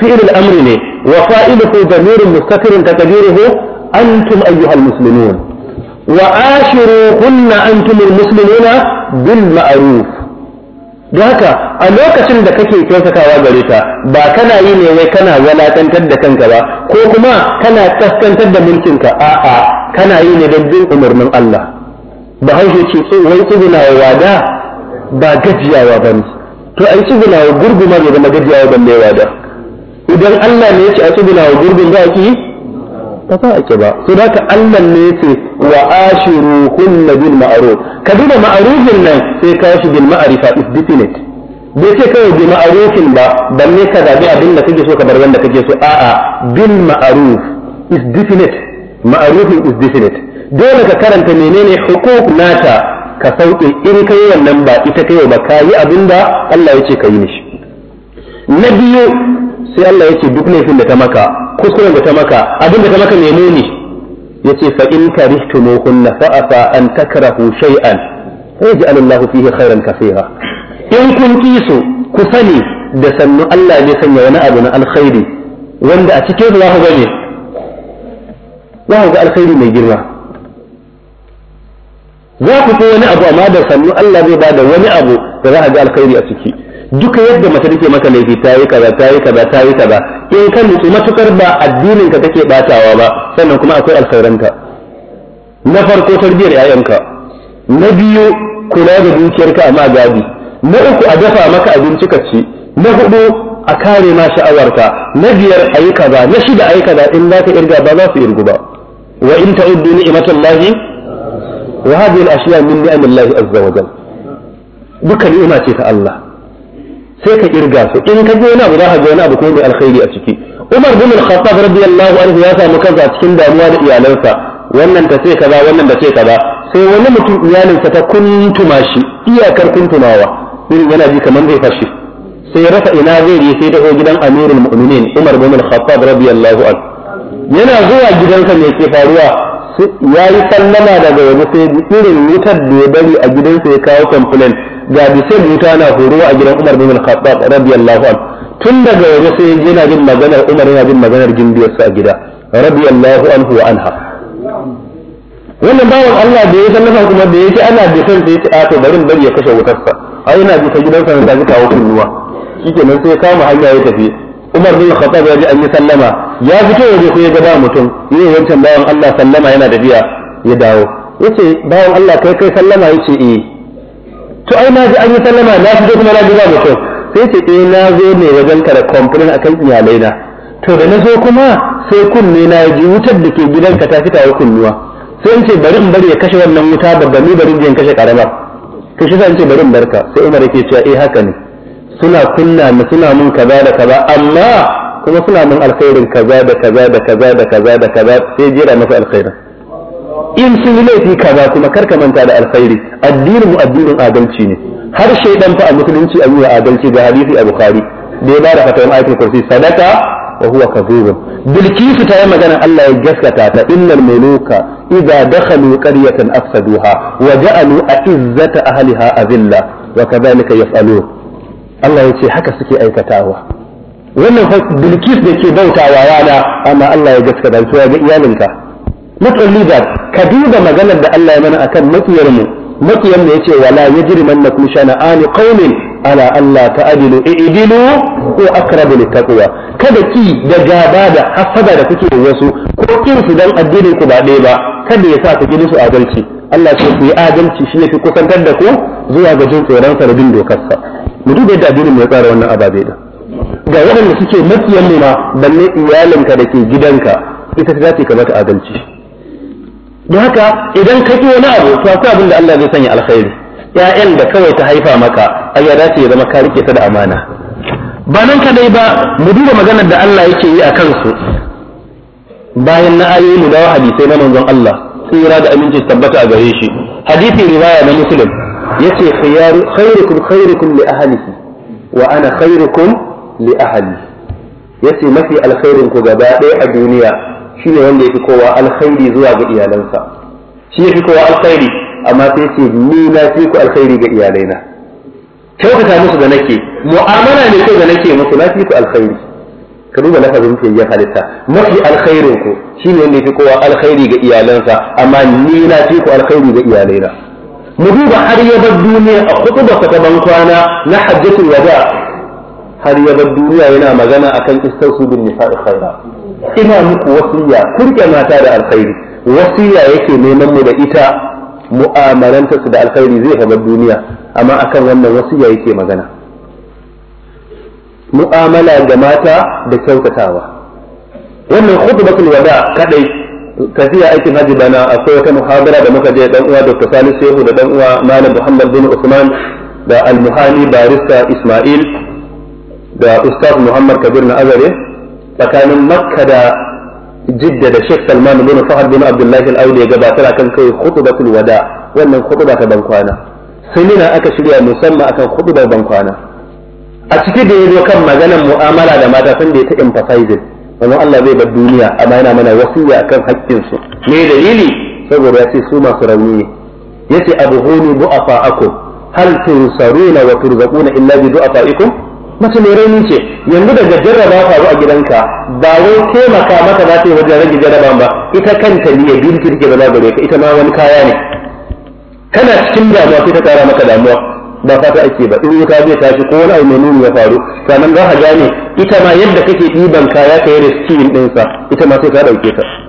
fi'il al-amri ne wa fa'iluhu damirun mustatirun taqdiruhu antum ayyuhal muslimun wa ashiru antum al-muslimuna bil ma'ruf don haka a lokacin da kake kyautatawa gare ta ba kana yi ne wai kana walakantar da kanka ba ko kuma kana kaskantar da mulkinka a'a kana yi ne don bin umarnin Allah ba haushe ce wai tsugunawa wada ba gajiyawa ba ne to ai tsugunawa gurguma bai zama gajiyawa ban da wada idan Allah ne ya ce a tsugunawa gurgun za ki yi ba za a ba to da ka Allah ne ce wa ashiruhunna bil ma'ruf ka duba ma'rufin nan sai ka shi bil ma'rifa is definite bai ce kawai bil ma'rufin ba balle ka zabi abin da kake so ka bar wanda kake so a'a bil ma'ruf is definite ma'rufin is definite dole ka karanta menene hukuk nata ka sauke in yi wannan ba ita kai ba kayi abin da Allah ya ce ka yi mishi na biyu sai Allah ya ce duk laifin da ta maka kuskuren da ta maka abin da ta maka menene ya ce fa in karihtumuhunna fa afa an takrahu shay'an yaj'al Allahu fihi khairan kaseera in kun ki su ku sani da sannu Allah zai sanya wani abu na alkhairi wanda a cikin za ku ga ne za ku ga alkhairi mai girma za ku ko wani abu amma da sannu Allah zai bada wani abu da za a ga alkhairi a ciki duka yadda mace take maka laifi ta yi kaza ta yi kaza ta yi kaza in ka nutsu matukar ba addinin ka take batawa ba sannan kuma akwai alkhairanta na farko tarbiyar 'ya'yanka na biyu kula da dukiyarka a magadi na uku a dafa maka abinci ka ci na hudu a kare ma sha'awarka na biyar a yi kaza na shida a yi kaza in za ka irga ba za su irgu ba wa in ta'uddu ni'matallahi wa hadhihi al-ashya min ni'amillahi azza wa jalla duka ni'ima ce ta Allah sai ka kirga su in ka je wani abu za ka ga wani abu kuma mai alkhairi a ciki Umar bin Al-Khattab radiyallahu anhu ya samu kansa cikin damuwa da iyalansa wannan ta ce kaza wannan da ce kaza sai wani mutum iyalinsa ta kuntuma shi iyakar kuntumawa irin yana ji kamar zai fashi sai rasa ina zai yi sai dawo gidan Amirul Mu'minin Umar bin Al-Khattab radiyallahu anhu yana zuwa gidansa ne ke faruwa ya yi sallama daga waje sai irin wutar da ya bari a gidansa ya kawo complaint ga bisan wuta na horo a gidan Umar bin Al-Khattab radiyallahu anhu tun daga waje sai yaje yana jin maganar Umar yana jin maganar gindiyar a gida radiyallahu anhu wa anha wannan bawan Allah da ya sallafa kuma da yake ana bisan sai ya ce a bari bari ya kashe wutarsa. sa ai yana bisa gidansa ne da ji kawo kunnuwa nan sai ya kama hanya ya tafi Umar bin Khattab ya ji an yi sallama ya fito waje ko ya ga ba mutum yayin wancan bawan Allah sallama yana da biya ya dawo yace bawan Allah kai kai sallama yace eh to ai na ji an yi sallama na fito kuma na ji ba mutum sai ce eh na zo ne wajen ka da complain akan iyalai na to da na zo kuma sai kunne na ji wutar da ke gidanka ta fita wa kunnuwa sai in ce bari in bari ya kashe wannan wuta babban ni bari in kashe karama to shi sai in ce bari in barka sai Umar yake cewa eh haka ne suna kunna ni suna mun kaza da kaza amma kuma suna mun alkhairin kaza da kaza da kaza da kaza da kaza sai jira masa alkhairin in sun yi laifi kaza kuma kar ka manta da alkhairi addinin mu addinin adalci ne har shaidan fa a musulunci an yi wa adalci ga hadisi a bukhari da ya bada fatawan ayatul kursi sadaka wa huwa bilkisu ta yi magana Allah ya gaskata ta innal muluka idza dakhalu qaryatan afsaduha wa ja'alu a ahliha azilla wa kadhalika yaf'alun Allah ya ce haka suke aikatawa wannan bilkis da ke bautawa yana amma Allah ya gaskata ta ga iyalinka matsalli ba ka duba maganar da Allah ya mana akan makiyar mu makiyar ya yace wala yajrimannakum ni qaumin ala Allah ta'dilu i'dilu ko aqrabu littaqwa kada ki da gaba da hasada da kuke wasu ko kin su dan addinin ku ba ɗaya ba kada ya sa ku ji su adalci Allah ce ku yi adalci shi fi kusantar da ku zuwa ga jin tsoron sa da bin dokarsa mu duba yadda addinin mu ya tsara wannan ababe da ga waɗanda suke makiyar mu ma balle iyalinka da ke gidanka ita ta dace ka mata adalci don haka idan ka ki wani abu to akwai abin da Allah zai sanya alkhairi ƴaƴan da kawai ta haifa maka ai ya dace ya zama ka rike ta da amana ba nan kadai ba mu duba maganar da Allah yake yi a kansu bayan na ayoyi mu dawo hadisai na manzon Allah tsira da aminci tabbata a gare shi hadisi riwaya na muslim yace khairukum khairukum li ahlihi wa ana khairukum li ahli yace mafi alkhairin ku gaba ɗaya a duniya shi ne wanda ya fi kowa alkhairi zuwa ga iyalansa shi ya fi kowa alkhairi amma sai ce ni na fi ku alkhairi ga iyalaina kyautata musu da nake mu'amala ne ko da nake musu na fi ku alkhairi ka duba lafazin yin halitta mafi alkhairin ku shi ne wanda ya fi kowa alkhairi ga iyalansa amma ni na fi ku alkhairi ga iyalaina mu duba har ya bar duniya a kudu da ban kwana na hajjatul wada har ya bar duniya yana magana akan istausu bin nisa'i khaira ina muku wasiya kun mata da alkhairi wasiya yake neman mu da ita mu'amalanta su da alkhairi zai kamar duniya amma akan wannan wasiya yake magana mu'amala ga mata da kyautatawa wannan khutbatul wada kadai tafiya aikin haji bana akwai wata muhabara da muka je dan uwa Dr. Salisu Shehu da dan uwa Malam Muhammad bin Usman da al-Muhali barista Ismail da Ustaz Muhammad Kabir na Azare tsakanin makka da jidda da sheikh salman bin fahad bin abdullahi al-audi ya gabatar akan kai khutbatul wada wannan khutba ta bankwana na aka shirya musamman akan khutbar kwana. a ciki da yazo kan maganar mu'amala da mata sun da ya ta emphasizing wannan Allah zai bar duniya amma yana mana wasiya akan haƙƙin su me dalili saboda ya ce su masu rauni ne yace abuhuni du'afa'akum hal tunsaruna wa turzaquna illa bi du'afa'ikum mace mai rauni ce yanzu daga jarraba faru a gidanka ba wai taimaka mata ba ta wajen rage jarraba ba ita kanta ne biyu ce take zama gare ka ita ma wani kaya ne kana cikin damuwa sai ta kara maka damuwa ba fata ake ba in wuta zai tashi ko wani abu mai nuni ya faru sannan za ka gane ita ma yadda kake ɗiban kaya ka yi riskin ɗinsa ita ma sai ka ɗauke ta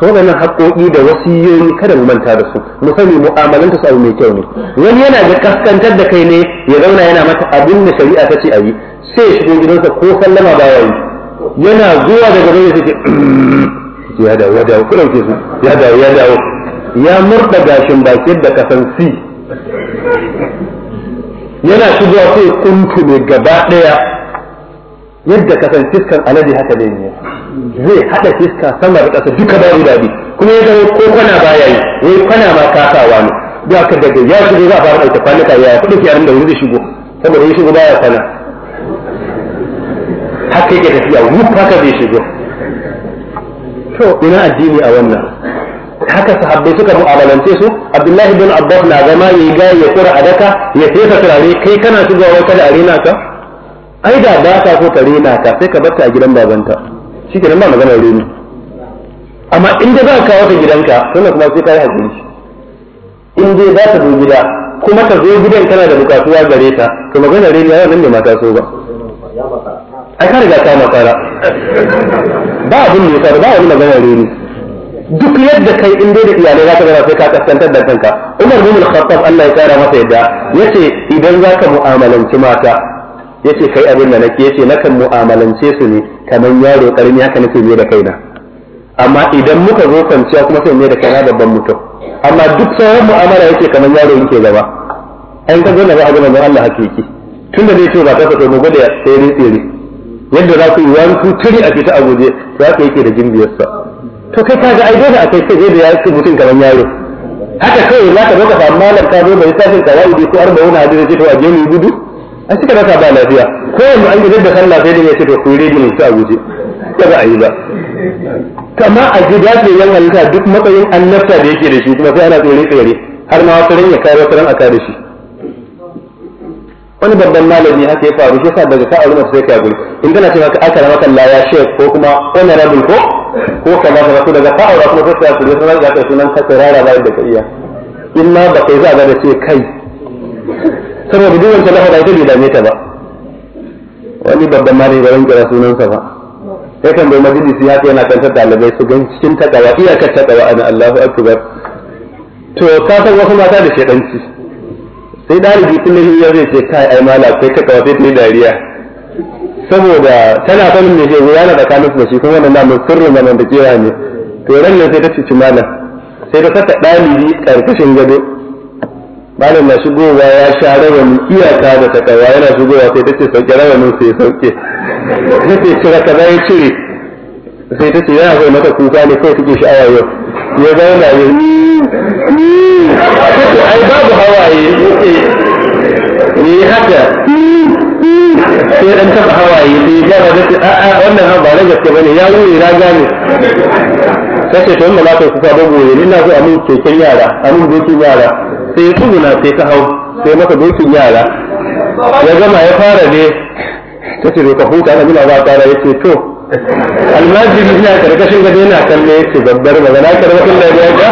so da haƙoƙi da wasiyoyi kada mu manta da su mu sani mu'amalanta su abu mai kyau ne wani yana da kaskantar da kai ne ya zauna yana mata abin da shari'a ta ce a yi sai shigo gidansa ko sallama ba yayi yana zuwa daga bai sai hmm, ya dawo ya dawo kuma ke su ya dawo ya dawo ya murda gashin baki da kasan si yana shigo sai kuntu ne gaba daya yadda kasan fiskan alade haka ne zai hada fiska sama da ƙasa duka da daɗi kuma ya zama ko kwana baya yi ko kwana ma kasawa ne da aka daga ya shigo za a fara ɗauke kwanuka ya kuɗin ke da wuri zai shigo saboda ya shigo baya kwana haka yake tafiya wuf haka zai shigo to ina addini a wannan haka sahabbai suka mu'amalance su abdullahi bin abbas na zama ya ga ya kura adaka ya fesa turare kai kana shigowa wata da arena ka ai da ba ta so ka rena ka sai ka bar ta a gidan babanta shi ba magana reni amma in dai za ka kawo ta gidanka sannan kuma sai ka yi hakuri in dai za ta zo gida kuma ka zo gidan kana da bukatuwa gare ta to magana reni ya zan ne mata so ba ai ka riga ta makara ba abin da ya ba wani magana reni duk yadda kai in dai da iyalai za ka zama sai ka kaskantar da kanka Umar bin Khattab Allah ya kara masa yadda yace idan za ka mu'amalanci mata yace kai abin da nake yace nakan mu'amalance su ne kamar yaro karmi haka nake ne da kaina amma idan muka zo kwanciya kuma sai ne da kaina babban mutum amma duk sauran mu'amala yake kamar yaro yake gaba an ka gona ba a gona Allah hakiki tunda zai ce ba ta fito mu gode tsere tsere yadda za ku yi wani tuturi a fita a guje za ka yake da jimbiyarsa to kai kaga ai dole a kai sai da ya ci mutum kamar yaro haka kai za ka zo ka samu malam ka zo bai sashin kawai ko arba'una hadisi to a je gudu a cika da ba lafiya ko yanzu an gidan da kan lafiya da ya ce ka kure mu sai a guje ba za a yi ba kama a gida ce yan halitta duk matsayin annabta da yake da shi kuma sai ana tsere tsere har ma wasu ran ya kai wasu ran a kare shi wani babban malami haka ya faru shi yasa daga ka aure sai ka in kana cewa ka aka maka la ya shek ko kuma honorable ko ko kaza ta ko daga ka aure kuma sai ka gure sunan ka sunan ka tsara ba da ka iya in ma ba kai za ga da ce kai saboda duk wancan lahada ita bai dame ta ba wani babban mare ba kira sunansa ba sai kan bai majalisi ya ce yana kantar dalibai su gan cikin takawa iyakar takawa ana Allahu akbar to ka san wasu mata da shedanci sai dalibi kun ne ya zai ce kai ai mala sai ka kawo sai dariya saboda tana sanin me ke yana tsakanin su da shi kuma wannan namun sirrin nan da kewa ne to ran ne sai ta ci mala sai ta saka dalibi karkashin gado malam na shigowa ya sha rawani iyaka da ta kawa yana shigowa sai tace sauke rawanin sai sauke sai cire kaza ya cire sai tace yana kai mata kuka ne kai take sha'awa yau ya yana yi ai babu hawaye yake ni haka sai dan taba hawaye sai ga da a a wannan ba na gaske bane ya wuri na gane sai ce to mun lafa kai kuka babu ne ina so a mun keken yara a mun doki yara sai ya tsuguna sai ta hau sai maka dokin yara ya gama ya fara ne ta ce ka huta na gina ba tsara ya ce to almajiri ina karkashin gado yana kalle ya ce babbar magana karkashin da ya ga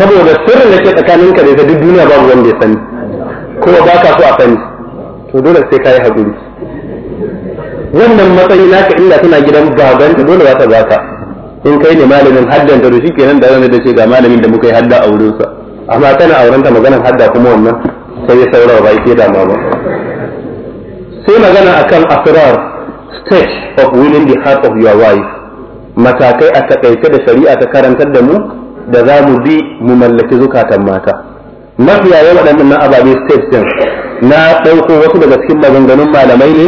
saboda sirrin da ke tsakaninka da ita duk duniya babu wanda ya sani kuma ba ka so a sani to dole sai ka yi haƙuri wannan matsayi naka inda tana gidan babanta dole za ta za ta in kai ne malamin haddan da shi kenan da zan da ce ga malamin da muka yi hadda a wurin sa amma kana auren ta maganar hadda kuma wannan sai ya saura ba yake da mama sai magana akan asrar stage of winning the heart of your wife matakai a takaice da shari'a ta karantar da mu da za mu bi mu mallaki zukatan mata mafiya yawa waɗannan ababe stage din na ɗauko wasu daga cikin maganganun malamai ne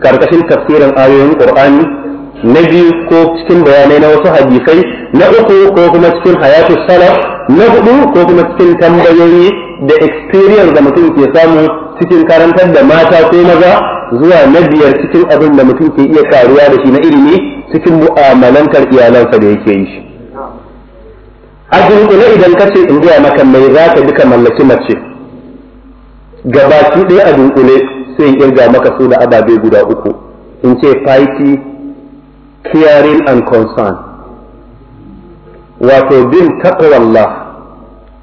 karkashin tafsirin ayoyin qur'ani na biyu ko cikin bayanai na wasu hadisai na uku ko kuma cikin hayatu salaf na hudu ko kuma cikin tambayoyi da experience da mutum ke samu cikin karantar da mata ko maza zuwa na biyar cikin abin da mutum ke iya karuwa da shi na ilimi cikin mu'amalantar iyalansa da yake yi shi a dunkule idan ka ce in gaya maka mai za ka duka mallaki mace gabaki ɗaya a dunkule sai in ƙirga maka su da ababe guda uku in ce faiti caring and concern wato bin taqwallah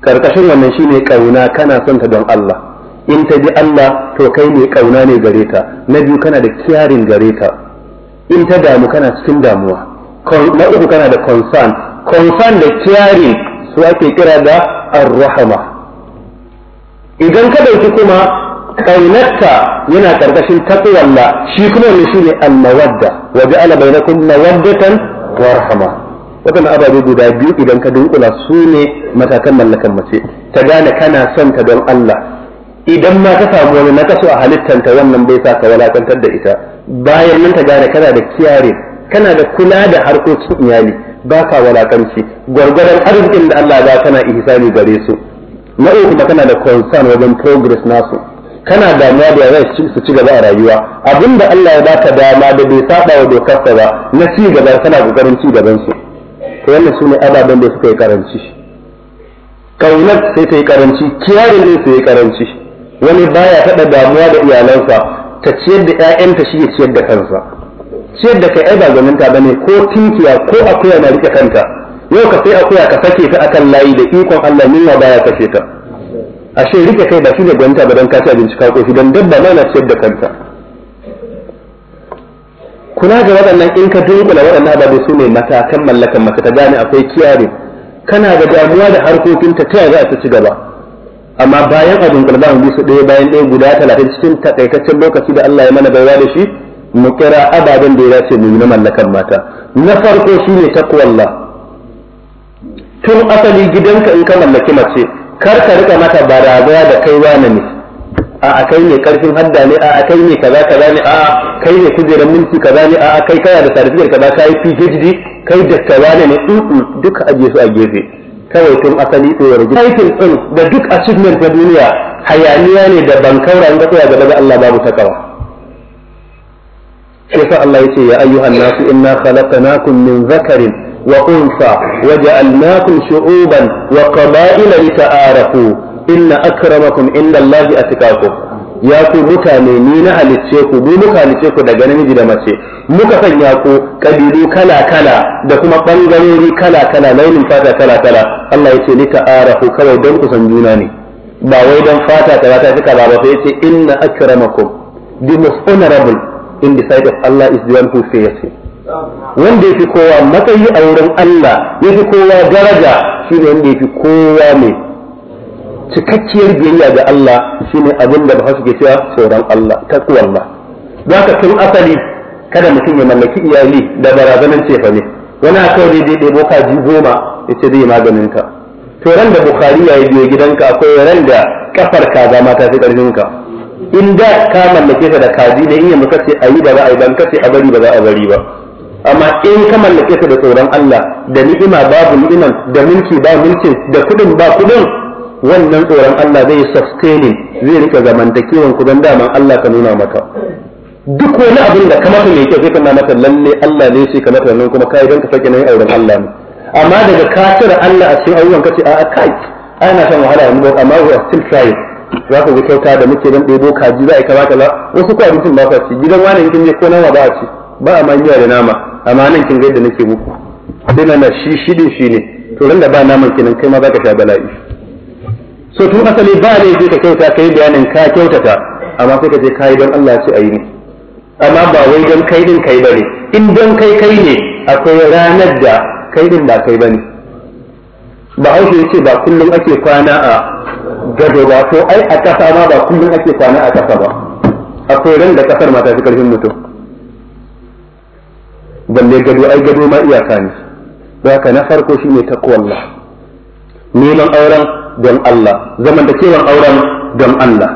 karkashin wannan shi ne ƙauna kana son ta don Allah in ta ji Allah to kai ne kauna ne gare ta na biyu kana da caring gare ta in ta damu kana cikin damuwa na uku kana da concern concern da caring su ake kira da arrahama idan ka dauki kuma kaunarka yana karkashin taqwalla shi kuma ne shine al-mawadda wa ja'ala bainakum mawaddatan wa rahma wannan ababe guda biyu idan ka dunkula su ne matakan mallakan mace ta gane kana son ta don Allah idan ma ka samu wani nakasu a halittanta wannan bai sa ka walakantar da ita bayan nan ta gane kana da kiyare kana da kula da harkokin iyali ba ka walakanci gwargwaron arzikin da Allah ba kana ihsani gare su na uku kana da concern wajen progress nasu kana damuwa da zai su ci gaba a rayuwa abinda Allah ya baka dama da bai saba wa dokarsa ba na ci gaba kana kokarin ci gaban su to wannan sune ababen da suka yi karanci kaunar sai ta yi karanci kiyarin ne sai yi karanci wani baya tada damuwa da iyalansa ta ciyar da ƴaƴanta shi ya ciyar da kansa ciyar da kai ai ba zaminta bane ko tinkiya ko akuya na rike kanta yau ka sai akuya ka sake ta akan layi da ikon Allah ba baya kashe ta ashe rike kai ba shine gwanta ba don ka ci abinci ka don dabba ma na ciyar da kanta kula da waɗannan in ka dunkula waɗannan ababe su ne matakan mallakan mace ta gane akwai kiyare kana da damuwa da harkokinta ta yaya za ta ci gaba amma bayan abin dunkula za mu bi su ɗaya bayan ɗaya guda talatin cikin takaitaccen lokaci da Allah ya mana baiwa da shi mu kira ababen da ya dace mu yi na mallakan mata na farko shine takwallah tun asali gidanka in ka mallaki mace kar ka rika mata barazana da kai wani ne a kai ne karfin hadda ne a kai ne kaza kaza ne a kai ne kujerar mulki kaza ne a kai kaya da certificate kaza kai PhD kai daktawa ne ne duka aje su a gefe kawai tun asali tsoro aikin din da duk achievement na duniya hayaniya ne da bankaura in ka tsaya gaba ga Allah babu takawa shi sa Allah yace ya ayyuhan nasu inna khalaqnakum min zakarin وأنثى وجعلناكم شعوبا وقبائل لتعارفوا إن أكرمكم عند الله أتقاكم ya ku mutane ni na halicce ku mu muka halicce ku daga namiji da mace muka sanya ku kabilu kala kala da kuma bangarori kala kala launin fata kala kala Allah ya ce ni ta'arafu kawai don ku san juna ne ba wai don fata ta ta fi kaza ba sai ya ce inna akramakum the most honorable in the sight of Allah is the one who fears wanda yafi kowa matsayi a wurin Allah yafi kowa daraja ne wanda fi kowa ne cikakkiyar biyayya ga Allah ne abin da ba su ke cewa tsoron Allah Ba za ka tun asali kada mutum ya mallaki iyali da barazanar cefa ne wani a kawai daidai ɗebo kaji goma ya ce zai maganin ka to ran da bukhari ya yi biyo gidanka akwai ran da kafar kaza ma ta fi ƙarfin ka in da ka mallake ta da kaji ne iya muka ce a yi ba za a yi ban kace a bari ba za a bari ba amma in ka mallake ka da tsoron Allah da ni'ima babu ni'iman da mulki ba mulkin da kudin ba kudin wannan tsoron Allah zai sustaining zai rika zamantakewan ku dan daman Allah ka nuna maka duk wani abin da kamar mai kyau sai kana maka lalle Allah ne sai ka nan kuma kai dan ka sake nan auren Allah ne amma daga ka cire Allah a cikin ayyukan ce a'a kai ana shan wahala ba amma wa still try za ku ga kyauta da muke dan ɗebo kaji za a yi kaza kaza wasu ko abincin ba ka ci gidan wani yankin ne ko nama ba a ci ba a ma da nama amma nan kin ga yadda nake muku dina na shi shidin shi ne to ran da ba naman kenan kai ma zaka sha bala'i so tun asali ba ne kai ka kyauta kai bayanin ka kyautata amma sai ka je kai don Allah ce ayi ne amma ba wai don kai din kai bane in dan kai kai ne akwai ranar da kai din ba kai bane ba hausa ya ce ba kullum ake kwana a gado ba to ai a kasa ma ba kullum ake kwana a kasa ba akwai ran da kasar mata fi karfin mutum balle gado ai gado ma iyaka ne don haka na farko shine taqwallah neman auren don Allah zaman da kewan auren don Allah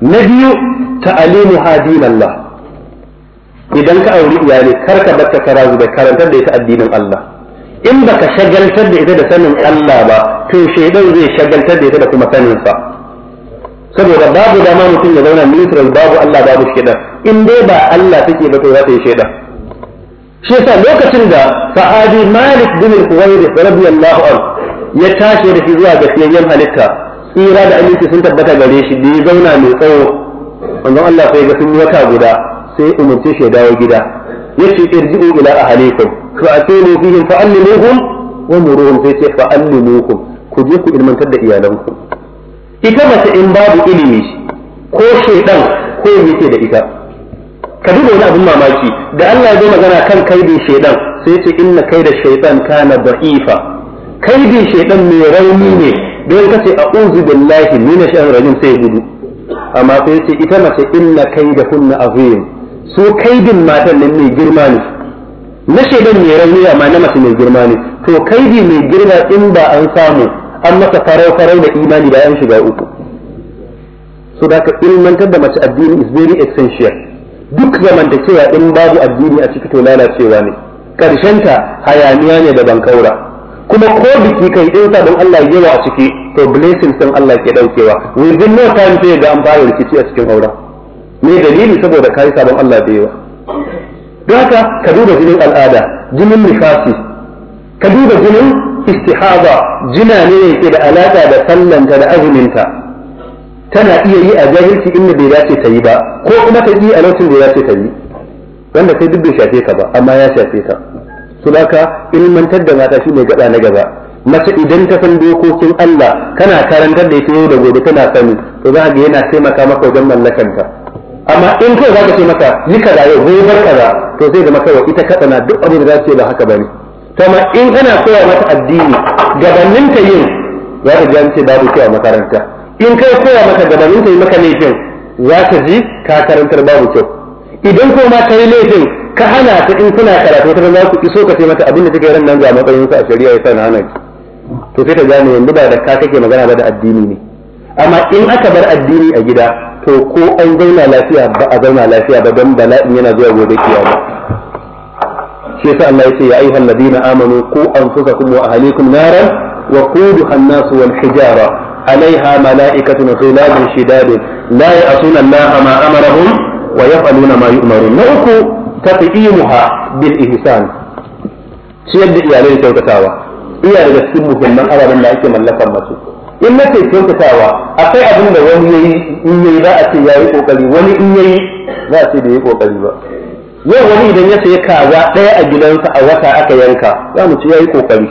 na biyu ta'alimu hadinallah idan ka auri iyali kar ka barka karazu da karantar da ita addinin Allah in baka shagaltar da ita da sanin Allah ba to shaidan zai shagaltar da ita da kuma sanin sa saboda babu dama mutum ya zauna ministral babu Allah babu shaidan in dai ba Allah take ba to za ta yi shaidan shi yasa lokacin da sahabi Malik bin Al-Huwairis radiyallahu anhu ya tashi da shi zuwa ga fiyayyen halitta tsira da aminci sun tabbata gare shi da ya zauna mai tsawo wannan Allah sai ga sun wata guda sai umarce shi ya dawo gida yace irji'u ila fa fa'atuni fihim allimuhum wa muruhum sai ce fa'allimuhum ku je ku ilmantar da iyalanku ita mace in babu ilimi ko shedan ko yake da ita ka duba wani abin mamaki da Allah ya zo magana kan kaidin shaidan sai ce inna da shaidan kana da'ifa kaidin shaidan mai rauni ne don kace uzu billahi minash shaitanir rajim sai gudu amma sai ce ita mace inna kunna azim su kaidin matan nan mai girma ne na shaidan mai rauni amma na mace mai girma ne to kaidi mai girma in ba an samu an masa farau farau da imani da an shiga uku so da ka ilmantar da mace addini is very essential duk zamantakewa in babu addini a ciki to lalacewa ne ta hayaniya ne da kaura kuma ko biki kai din sa don Allah yawa a ciki to blessings din Allah ke daukewa within no time sai ga an fara rikici a cikin aura me dalili saboda kai sabon Allah da yawa don haka ka duba jinin al'ada jinin nifasi ka duba jinin istihaba jina ne yake da alaka da sallanta da azuminta tana iya yi a jahilci inda bai dace ta yi ba ko kuma ta yi a lokacin da ya dace ta yi wanda sai duk bai shafe ka ba amma ya shafe ka su ka ilmantar da mata shi mai gaba na gaba mace idan ta san dokokin Allah kana karantar da ita yau da gobe tana sani to za ga yana taimaka maka wajen mallakanta amma in kai za ka ce maka yi kaza yau bar kaza to sai da maka wa ita katsana duk abin da za ce ba haka bane kuma in kana koya mata addini gabanin ta yin za ka ji an ce babu kyau makaranta in kai koya mata gabanin ta yi maka laifin za ta ji ka karantar babu kyau idan ko ma yi laifin ka hana ta in suna karatu ta za ku iso ka sai mata abin da take ran nan ga matsayin sa a shari'a ya sana hana ki to sai ta gane yanzu ba da ka kake magana ba da addini ne amma in aka bar addini a gida to ko an zauna lafiya ba a zauna lafiya ba don bala'in yana zuwa gobe kiyama shi yasa Allah ce ya ayyuhal ladina amanu qu anfusakum wa ahlikum naran wa quduha an-nas wal hijara alaiha mala'ikatun ghilazun shidadun la ya'suna Allah ma amarahum wa yaf'aluna ma yu'marun na uku taqimuha bil ihsan ciyar da iyalai da kyautatawa iya daga cikin muhimman ababen da ake mallakar masu in nace kyautatawa akwai abin da wani yayi in yayi za a ce yayi kokari wani in yayi za a ce bai yi kokari ba yau wani idan ya sayi kaza ɗaya a gidansa a wata aka yanka za mu ci ya yi ƙoƙari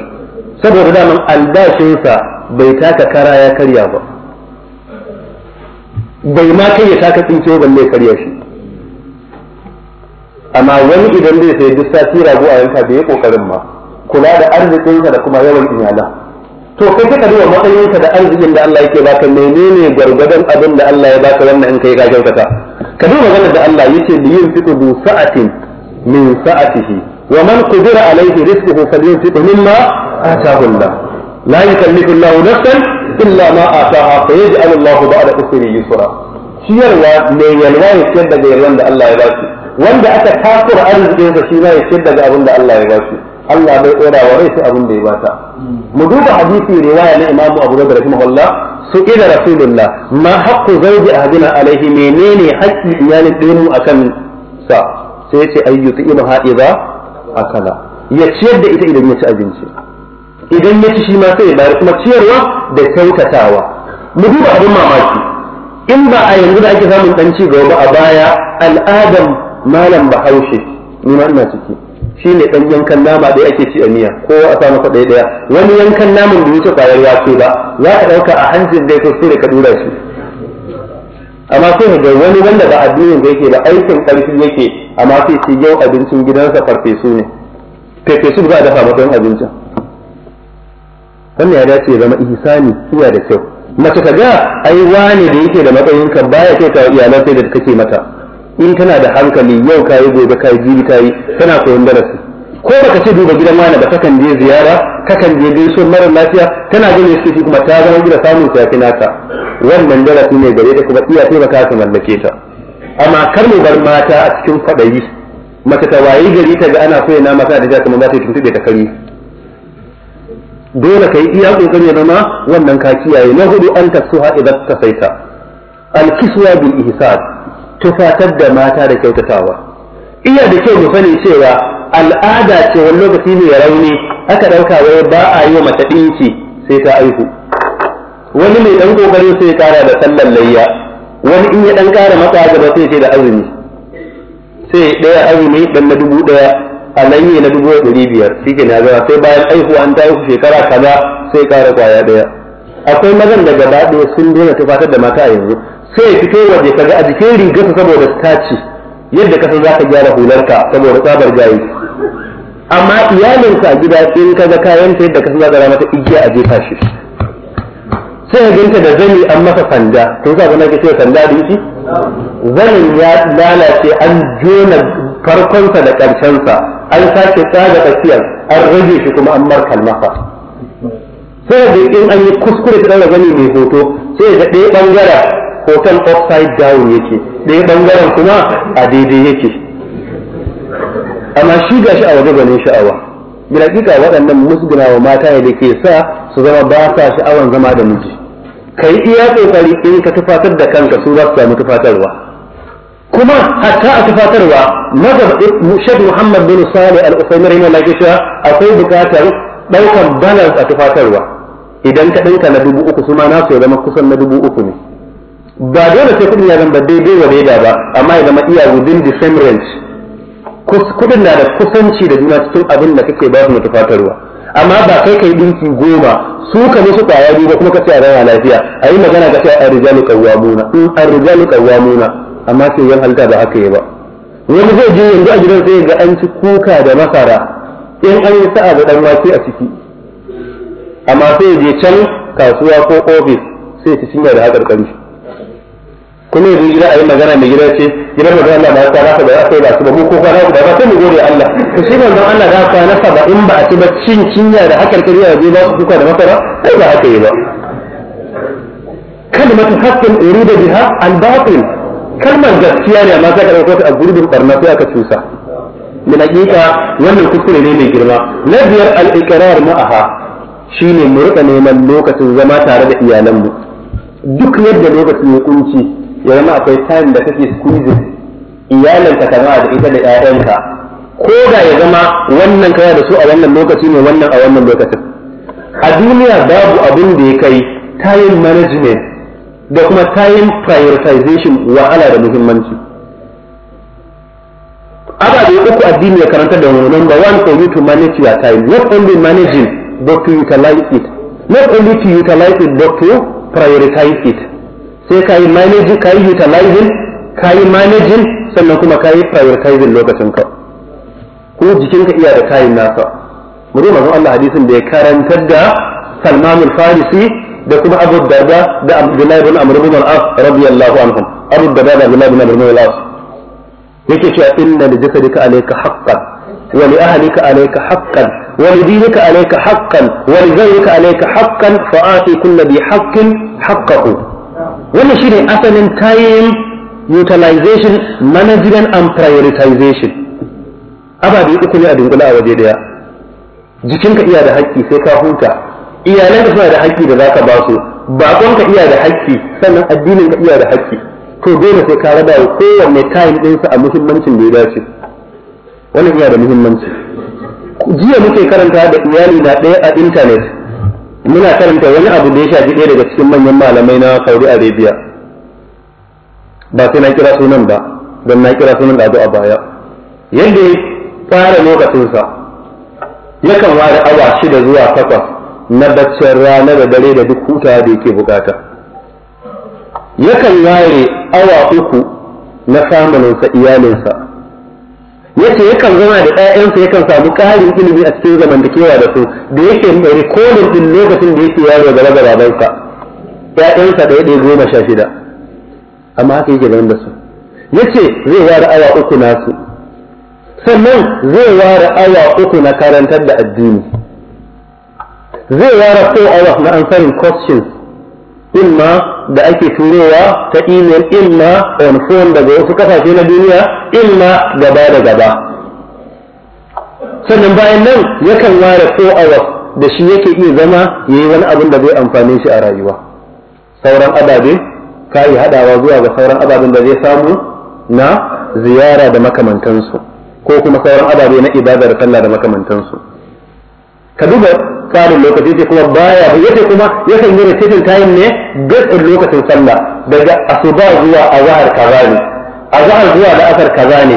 saboda daman albashinsa bai taka kara ya karya ba bai ma kai ya taka na balle karya shi amma wani idan zai sai duk sati rago a yanka bai yi kokarin ma kula da arzikinsa da kuma yawan iyalan to kai kika duba matsayinka da arzikin da Allah yake baka menene gargadan abin da Allah ya baka wannan in kai ka kasa ka duba maganar da Allah yace li yunfiqu du sa'atin min sa'atihi wa man qudira alayhi rizquhu falyunfiq mimma ataahu Allah yi yukallifu Allahu nafsan illa ma ataha fa yaj'al Allahu ba'da usri yusra ciyarwa ne yalwa ya ciyar daga yarwan da Allah ya ba shi wanda aka takura arzikin sa shi ma ya ciyar daga abin da Allah ya ba shi Allah bai tsora wa rai sai abin da ya bata mu duba hadisi riwaya na Imam Abu Dawud rahimahullah su ila rasulullah ma haqqu zawji ahadina alaihi menene haƙƙi iyalin mu akan sa sai ya ce ayyutu imaha idza akala ya ciyar da ita idan ya ci abinci idan ya ci shi ma sai ya bayar kuma ciyarwa da kyautatawa mu duba abin mamaki in ba a yanzu da ake samun dan ci gaba a baya al'adam malam bahaushe ni ma ina ciki shi ne dan yankan nama da ake ci a miya ko a samu masa ɗaya ɗaya wani yankan naman da wuce ya ce ba za ka ɗauka a hancin da ya da ka dura shi amma sai ga wani wanda ba addinin da yake da aikin ƙarfi yake amma sai ce yau abincin gidansa farfesu ne farfesu ba a dafa yin abincin wannan ya dace ya zama ihsani iya da kyau mace ta ga ai wani da yake da matsayin ka baya kai ta iyalan sai da kake mata in tana da hankali yau kayi gobe yi jibi yi, tana koyon darasi ko baka ce duba gidan wani da kakan je ziyara kakan je gaisuwar marar lafiya tana jin yake shi kuma ta zama gida samun safi naka wannan darasi ne gare ta kuma iya taimaka ka mallake ta amma kar mu bar mata a cikin fadayi mace ta waye gari ta ga ana so ya nama kana da jaka kamar ba ta tuntube ta kari dole kai iya kokari ya zama wannan ka kiyaye na hudu an tasuha idan ka saita alkiswa bil ihsan tufatar da mata da kyautatawa iya da kyau mu sani cewa al'ada ce wani lokaci mai rauni aka dauka wai ba a yi wa mace dinki sai ta aihu wani mai dan kokari sai ya kara da sallar layya wani in ya dan kara mata gaba sai ce da azumi sai ɗaya azumi dan na dubu ɗaya alayyi na dubu ɗari biyar shi ke na sai bayan aihuwa an ta aihu shekara kaza sai ƙara kwaya ɗaya akwai mazan da gaba ɗaya sun daina tufatar da mata a yanzu sai ya fito waje kaga a jikin rigarsa saboda staci yadda kasa za ka gyara hularka saboda tsabar jayi amma iyalinka a gida in kaga kayan ta yadda kasa za ka mata igiya a jefa shi sai ginta da zani an masa sanda kun sa gona ke cewa sanda da yi zanin ya lalace an jona farkonsa da ƙarshensa an sake tsaga tsakiyar an rage shi kuma an markan masa sai da in an yi kuskure da daga gani mai hoto sai da ɗaya ɓangaren hoton upside down yake ɗaya ɓangaren kuma a daidai yake amma shi gashi a waje gwanin sha'awa kika waɗannan wa mata ne da ke sa su zama ba sa sha'awan zama da miji kai iya kokari in ka tufatar da kanka su za su samu tufatarwa kuma hatta a tufatarwa mazhab Sheikh Muhammad bin Salih Al-Uthaymeen na ya akwai bukatar ɗaukar balance a tufatarwa idan ka dinka na dubu uku suma na so zama kusan na dubu uku ne ba dole sai kudin ya zama daidai wa daida ba amma ya zama iya within the same range kudin na da kusanci da juna cikin abin da kake ba su tufatarwa amma ba kai kai dinki goma su ka musu kwaya biyu ba kuma ka ce a rana lafiya a yi magana ka ce a rijalu qawwamuna in mm, ar rijalu amma sai yan halitta ba haka yi ba wani zai je yanzu a gidan sai ga an ci kuka da masara in an yi sa'a da dan wake a ciki amma sai je can kasuwa ko ofis sai ci cinya da hakarkari kuma yanzu gida a yi magana mai gida ce gida mai Allah ba ta rasa ba sai ba su ba mu ko kwana da ba sai mu gode Allah to shi ban dan Allah za ka na saba, in ba a ci ba cin cinya da hakarkari ya je ba kuka da masara sai ba haka yi ba كلمة حق أريد بها الباطل kalmar gaskiya ne amma sai ka ɗauko ta a gurbin barna sai aka cusa min hakika wannan kuskure ne mai girma na biyar al-iqrar ma'aha shine mu rika neman lokacin zama tare da iyalanmu duk yadda lokacin ya kunci ya zama akwai time da kake squeezing iyalanka kama da ita da ƴaƴanka ko da ya zama wannan kaya da su a wannan lokaci ne wannan a wannan lokacin a duniya babu abin da ya kai time management da kuma time prioritization wahala da muhimmanci ababe uku addini ya karanta da mu number one for you to manage your time not only managing but to utilize it not only to utilize it but to prioritize it sai ka yi managing ka yi utilizing ka yi managing sannan kuma ka yi prioritizing lokacinka ko jikinka iya da kayan nasa mu zo mazan Allah hadisin da ya karantar da Salman al-Farisi da kuma Abu Darda da Abdullah ibn Amr ibn al-As radiyallahu anhum Abu da Abdullah ibn Amr ibn al-As yake cewa inna li jasadika alayka haqqan wa li ahlika alayka haqqan wa li dinika alayka haqqan wa li zawjika alayka haqqan fa ati kulli bi haqqin haqqahu wannan shine asalin tayin utilization management and prioritization ababe uku ne a dungula a waje daya jikinka iya da haƙƙi sai ka huta da suna da hakki da zaka ba su bakonka iya da hakki, sannan addinin ka iya da haƙƙi to dole sai ka raba wa kowanne kayan ɗinsa a muhimmancin da ya dace wannan iya da muhimmanci jiya muke karanta da iyali na ɗaya a intanet muna karanta wani abu da ya shafi ɗaya daga cikin manyan malamai na saudi arabia ba sai na kira sunan ba don na kira sunan da a baya yadda ya fara lokacinsa yakan ware awa shida zuwa takwas na baccin rana da dare da duk hutawa da yake bukata yakan ware awa uku na samaninsa iyalinsa yace yakan zama da ɗayansa yakan samu ƙarin ilimi a cikin zamantakewa da su da yake rikodin ɗin lokacin da yake yaro gaba da babansa ƴaƴansa ɗaya ɗaya goma sha shida amma haka yake zaman da su yace zai ware awa uku nasu sannan zai ware awa uku na karantar da addini zai ware ko hours na answering questions ilma da ake turowa ta email ilma on phone daga wasu kasashe na duniya ilma gaba da gaba sannan bayan nan yakan ware ko hours da shi yake iya zama ya yi wani abin da zai amfani shi a rayuwa sauran ababe ka yi haɗawa zuwa ga sauran ababen da zai samu na ziyara da makamantansu ko kuma sauran ababe na ibada da sallah da makamantansu ka duba tsarin lokacin ce kuma baya yace kuma yakan yi recitation time ne gaskar lokacin sallah daga asuba zuwa azhar kaza ne azhar zuwa la'asar kaza ne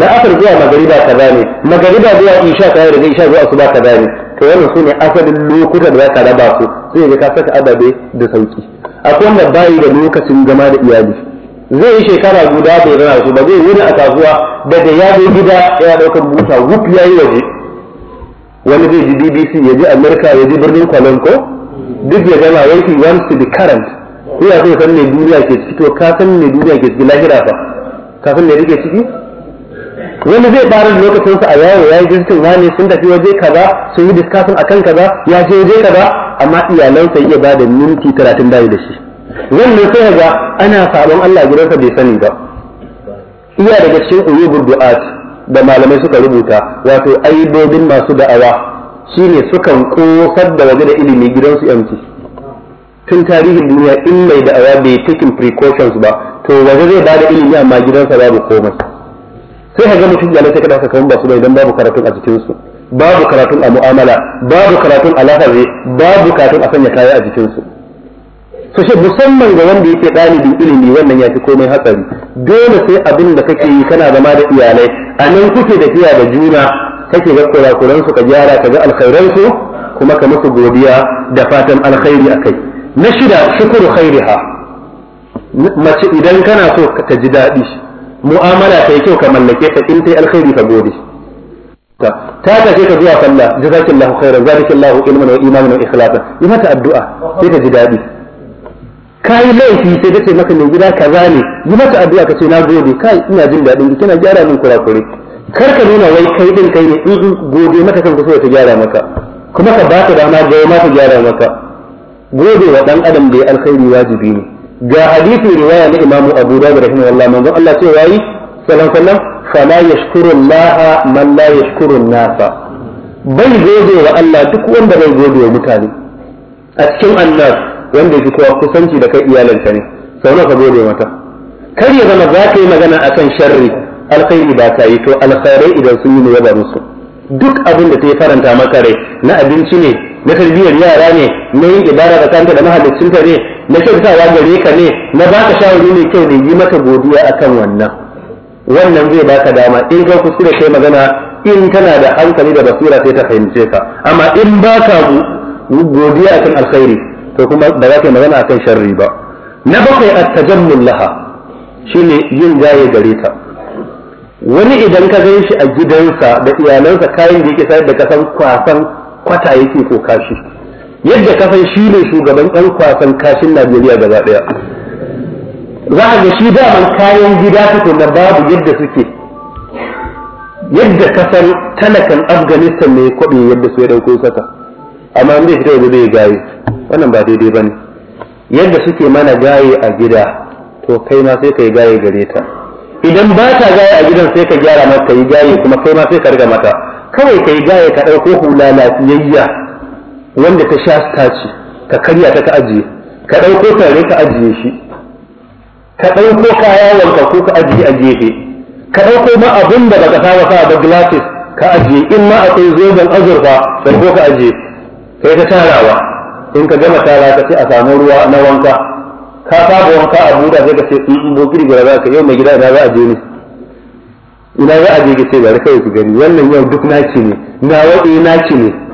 la'asar zuwa magariba kaza ne magariba zuwa isha kaza daga isha zuwa asuba kaza ne to wannan sune asalin lokuta da zaka raba su sai ga ka saka adabe da sauki akwai wanda bayi da lokacin zama da iyali zai yi shekara guda bai rana su ba zai wuni a kasuwa ba da ya gida ya daukar buta wuf yayi waje wani zai ji bbc ya ji Amerika ya ji birnin ko? duk ya gama wai he wants to be current ya san me duniya ke ciki to ka san me duniya ke ciki lahira fa ka san me rike ciki wani zai fara lokacin sa a yawo ya yi jinsin wani sun tafi waje kaza sun yi discussion akan kaza ya je waje kaza amma iyalansa iya ba da minti talatin bayi da shi wannan sai ga ana sabon Allah gidansa bai sani ba iya daga cikin uyubur du'at da malamai suka rubuta wato aibobin masu da'awa shine sukan kofar da waje da ilimi gidansu yanci tun tarihin duniya in mai da'awa bai taking precautions ba to waje zai bada ilimi amma gidansa babu komai sai ka ga mutum ya lafiya kada ka ba su ba idan babu karatun a jikin su babu karatun a mu'amala babu karatun a lafazi babu karatun a sanya kaya a jikin su su shi musamman ga wanda yake ɗalibin ilimi wannan ya fi komai hatsari dole sai abin da kake yi kana zama da iyalai a nan kuke da fiya da juna kake ga kurakuran su ka gyara ka ga alkhairan su kuma ka musu godiya da fatan alkhairi akai na shida shukuru khairiha mace idan kana so ka ji daɗi mu'amala ta yi kyau ka mallake ka in sai alkhairi ka gode ta ta kace ka zuwa sallah jazakillahu khairan zalikallahu ilman wa imanan wa ikhlasan yi mata addu'a sai ka ji daɗi ka yi laifi sai ta ce maka mai gida kaza ne yi mata addu'a ka ce na gode kai ina jin daɗin kina gyara min kurakure kar ka nuna wai kai din kai ne in gode mata kan kusa ta gyara maka kuma ka ba ta dama ga ma ta gyara maka gode wa dan adam da ya alkhairi wajibi ne ga hadisi riwaya na imamu abu dawud rahimahullah manzo Allah ce yayi sallallahu alaihi wasallam fala yashkuru Allah man la yashkuru nasa bai gode wa Allah duk wanda bai gode wa mutane a cikin annas wanda yake kowa kusanci da kai iyalinka ne sau ka gode mata kar ya zama za ka yi magana kan sharri alkhairi ba ka yi to alkhairai idan sun yi ne yaba musu duk abin da ta yi faranta maka rai na abinci ne na tarbiyyar yara ne na yin ibada da kanta da mahaliccinta ne na kyautawa gare ka ne na baka shawari mai kyau da yi mata godiya kan wannan wannan zai baka dama in ka kuskure kai magana in kana da hankali da basira sai ta fahimce ka amma in baka godiya akan alkhairi to kuma ba za ka yi magana akan sharri ba na bakwai a tajammul laha shine yin gaye gare ta wani idan ka gan shi a gidansa da iyalansa kayan da yake sayar da kasan kwasan kwata yake ko kashi yadda kasan shi ne shugaban yan kwasan kashin Najeriya gaba ɗaya. za a ga shi daman kayan gida na babu yadda suke yadda kasan talakan Afghanistan ne kwaɓe yadda su ya ɗauko sata. amma in bai fita waje bai gaye wannan ba daidai bane yadda suke mana gaye a gida to kai ma sai kai gaye gare ta idan ba ta gaye a gidan sai ka gyara mata yi gaye kuma kai ma sai ka riga mata kawai kai gaye ka ɗauko hula lafiyayya wanda ta sha ci, ka karya ta ka ajiye ka ɗauko kare ka ajiye shi ka ɗauko kaya wanka ko ka ajiye a gefe ka ɗauko ma abin da baka saba sa da glasses ka ajiye in ma akwai zoben azurfa sai ko ka ajiye kai ta tarawa in ka gama tara ka ce a samu ruwa na wanka ka saba wanka a buda sai ka ce in mm, mm, bokiri gara za ka yau mai gida ina za a je ne ina za a je ka ce bari kai ku gani wannan yau duk naci ne na waɗe eh, naci ne